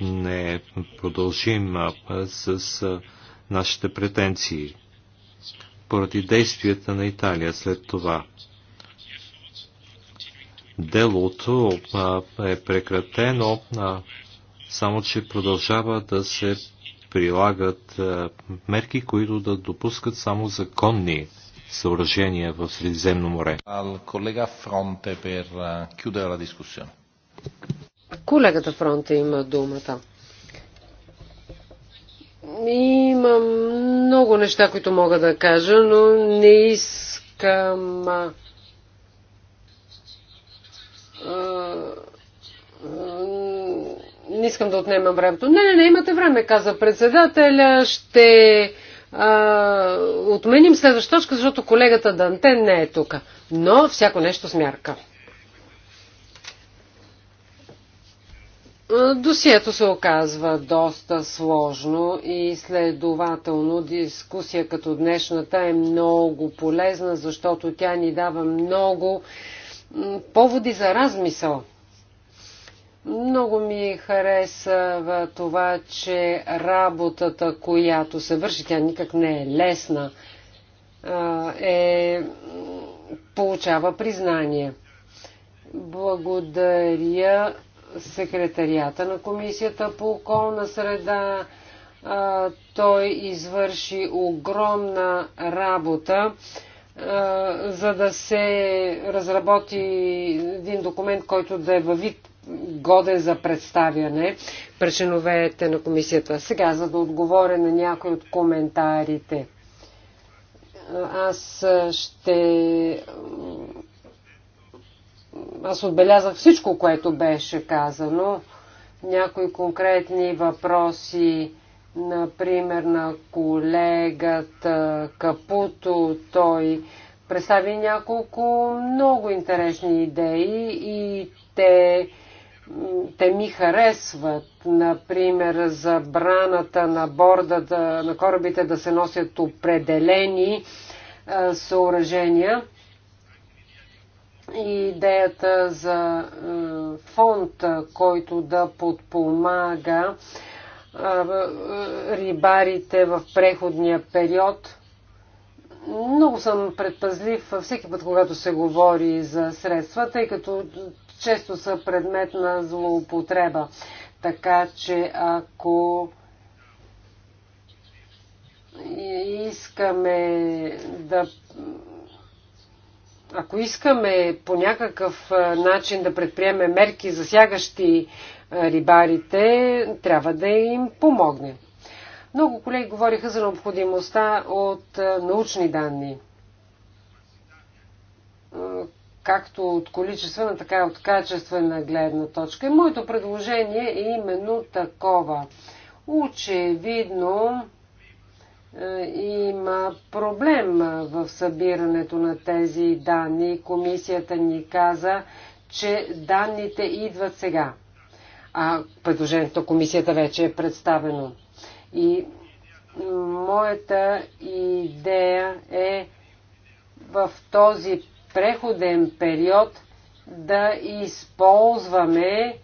Speaker 1: не продължим с нашите претенции поради действията на Италия след това. Делото е прекратено, само че продължава да се прилагат мерки, които да допускат само законни съоръжения в Средиземно море. Колега Фронте пер кюдера дискусия.
Speaker 2: Колегата Фронте има думата. Има много неща, които мога да кажа, но не искам а, а, не искам да отнемам времето. Не, не, не, имате време, каза председателя. Ще А, а, отменим следваща точка, защото колегата Дантен не е тук. Но всяко нещо смярка. Досието се оказва доста сложно и следователно дискусия като днешната е много полезна, защото тя ни дава много поводи за размисъл. Много ми харесва това, че работата, която се върши, тя никак не е лесна, е, получава признание. Благодаря секретарията на Комисията по околна среда. Той извърши огромна работа за да се разработи един документ, който да е във вид годен за представяне пред членовете на комисията. Сега, за да отговоря на някои от коментарите. Аз ще... Аз отбелязах всичко, което беше казано. Някои конкретни въпроси, например, на колегата Капуто, той представи няколко много интересни идеи и те те ми харесват. Например, забраната на борда да, на корабите да се носят определени а, съоръжения. И идеята за а, фонд, който да подпомага а, рибарите в преходния период. Много съм предпазлив всеки път, когато се говори за средства, тъй като често са предмет на злоупотреба. Така че ако искаме да ако искаме по някакъв начин да предприеме мерки, засягащи рибарите, трябва да им помогне. Много колеги говориха за необходимостта от научни данни както от количествена, така и от качествена гледна точка. И моето предложение е именно такова. Очевидно е, има проблем е, в събирането на тези данни. Комисията ни каза, че данните идват сега. А предложението на комисията вече е представено. И моята идея е в този преходен период да използваме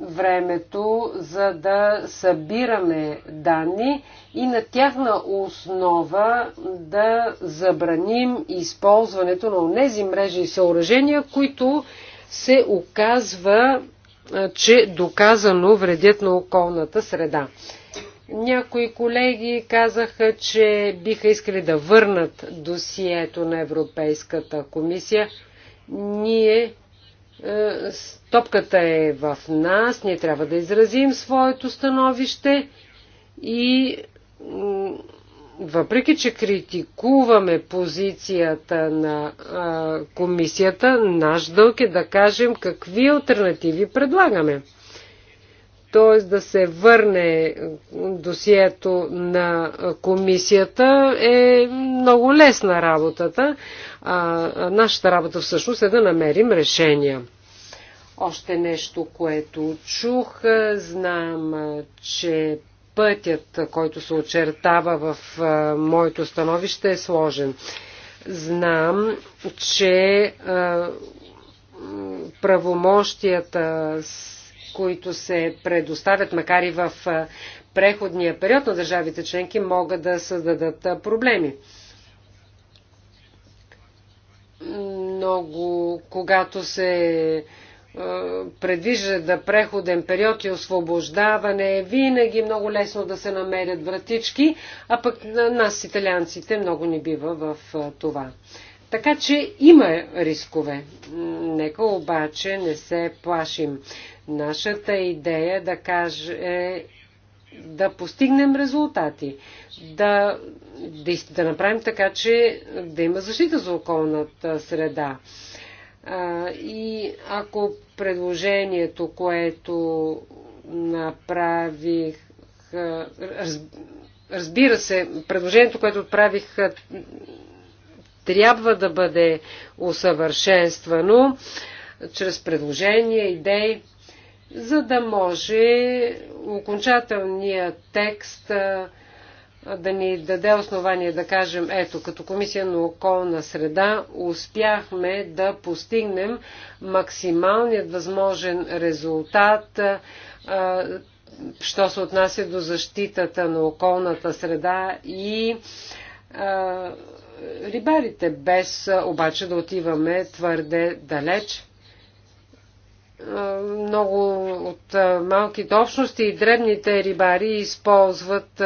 Speaker 2: времето, за да събираме данни и на тяхна основа да забраним използването на тези мрежи и съоръжения, които се оказва, че доказано вредят на околната среда. Някои колеги казаха, че биха искали да върнат досието на Европейската комисия. Ние е, топката е в нас, ние трябва да изразим своето становище и въпреки, че критикуваме позицията на а, комисията, наш дълг е да кажем какви альтернативи предлагаме т.е. да се върне досието на комисията е много лесна работата. А, нашата работа всъщност е да намерим решения. Още нещо, което чух, знам, че пътят, който се очертава в моето становище е сложен. Знам, че правомощията които се предоставят, макар и в преходния период на държавите членки, могат да създадат проблеми. Много, когато се предвижда да преходен период и освобождаване, винаги много лесно да се намерят вратички, а пък на нас, италианците, много ни бива в това. Така че има рискове. Нека обаче не се плашим. Нашата идея да каже, е да постигнем резултати, да, да, да направим така, че да има защита за околната среда. А, и ако предложението, което направих, разбира се, предложението, което отправих трябва да бъде усъвършенствано чрез предложения, идеи, за да може окончателният текст да ни даде основание да кажем, ето, като Комисия на околна среда успяхме да постигнем максималният възможен резултат, що се отнася до защитата на околната среда и а, рибарите, без обаче да отиваме твърде далеч. Много от малките общности и дребните рибари използват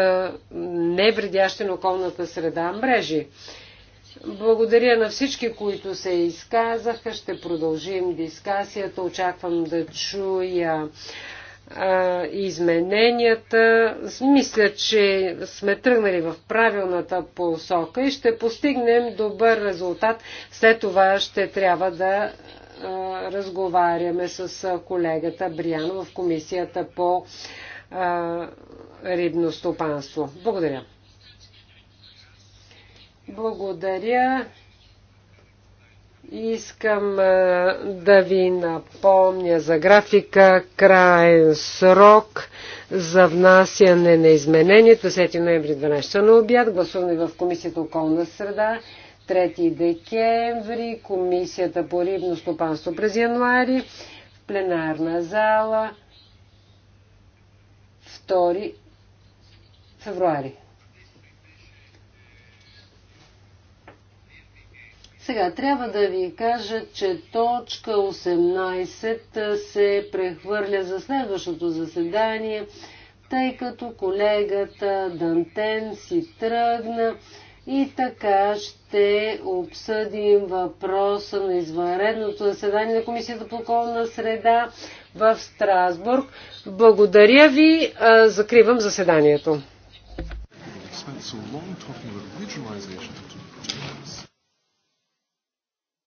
Speaker 2: невредящи на околната среда мрежи. Благодаря на всички, които се изказаха. Ще продължим дискасията. Очаквам да чуя измененията. Мисля, че сме тръгнали в правилната посока и ще постигнем добър резултат. След това ще трябва да разговаряме с колегата Бриан в комисията по рибно стопанство. Благодаря. Благодаря. Искам е, да ви напомня за графика краен срок за внасяне на изменението 10 ноември 12 на обяд, гласуване в Комисията околна среда 3 декември, Комисията по рибно стопанство през януари, в пленарна зала 2 февруари. Сега трябва да ви кажа, че точка 18 се прехвърля за следващото заседание, тъй като колегата Дантен си тръгна и така ще обсъдим въпроса на извънредното заседание на Комисията по околна среда в Страсбург. Благодаря ви, закривам заседанието.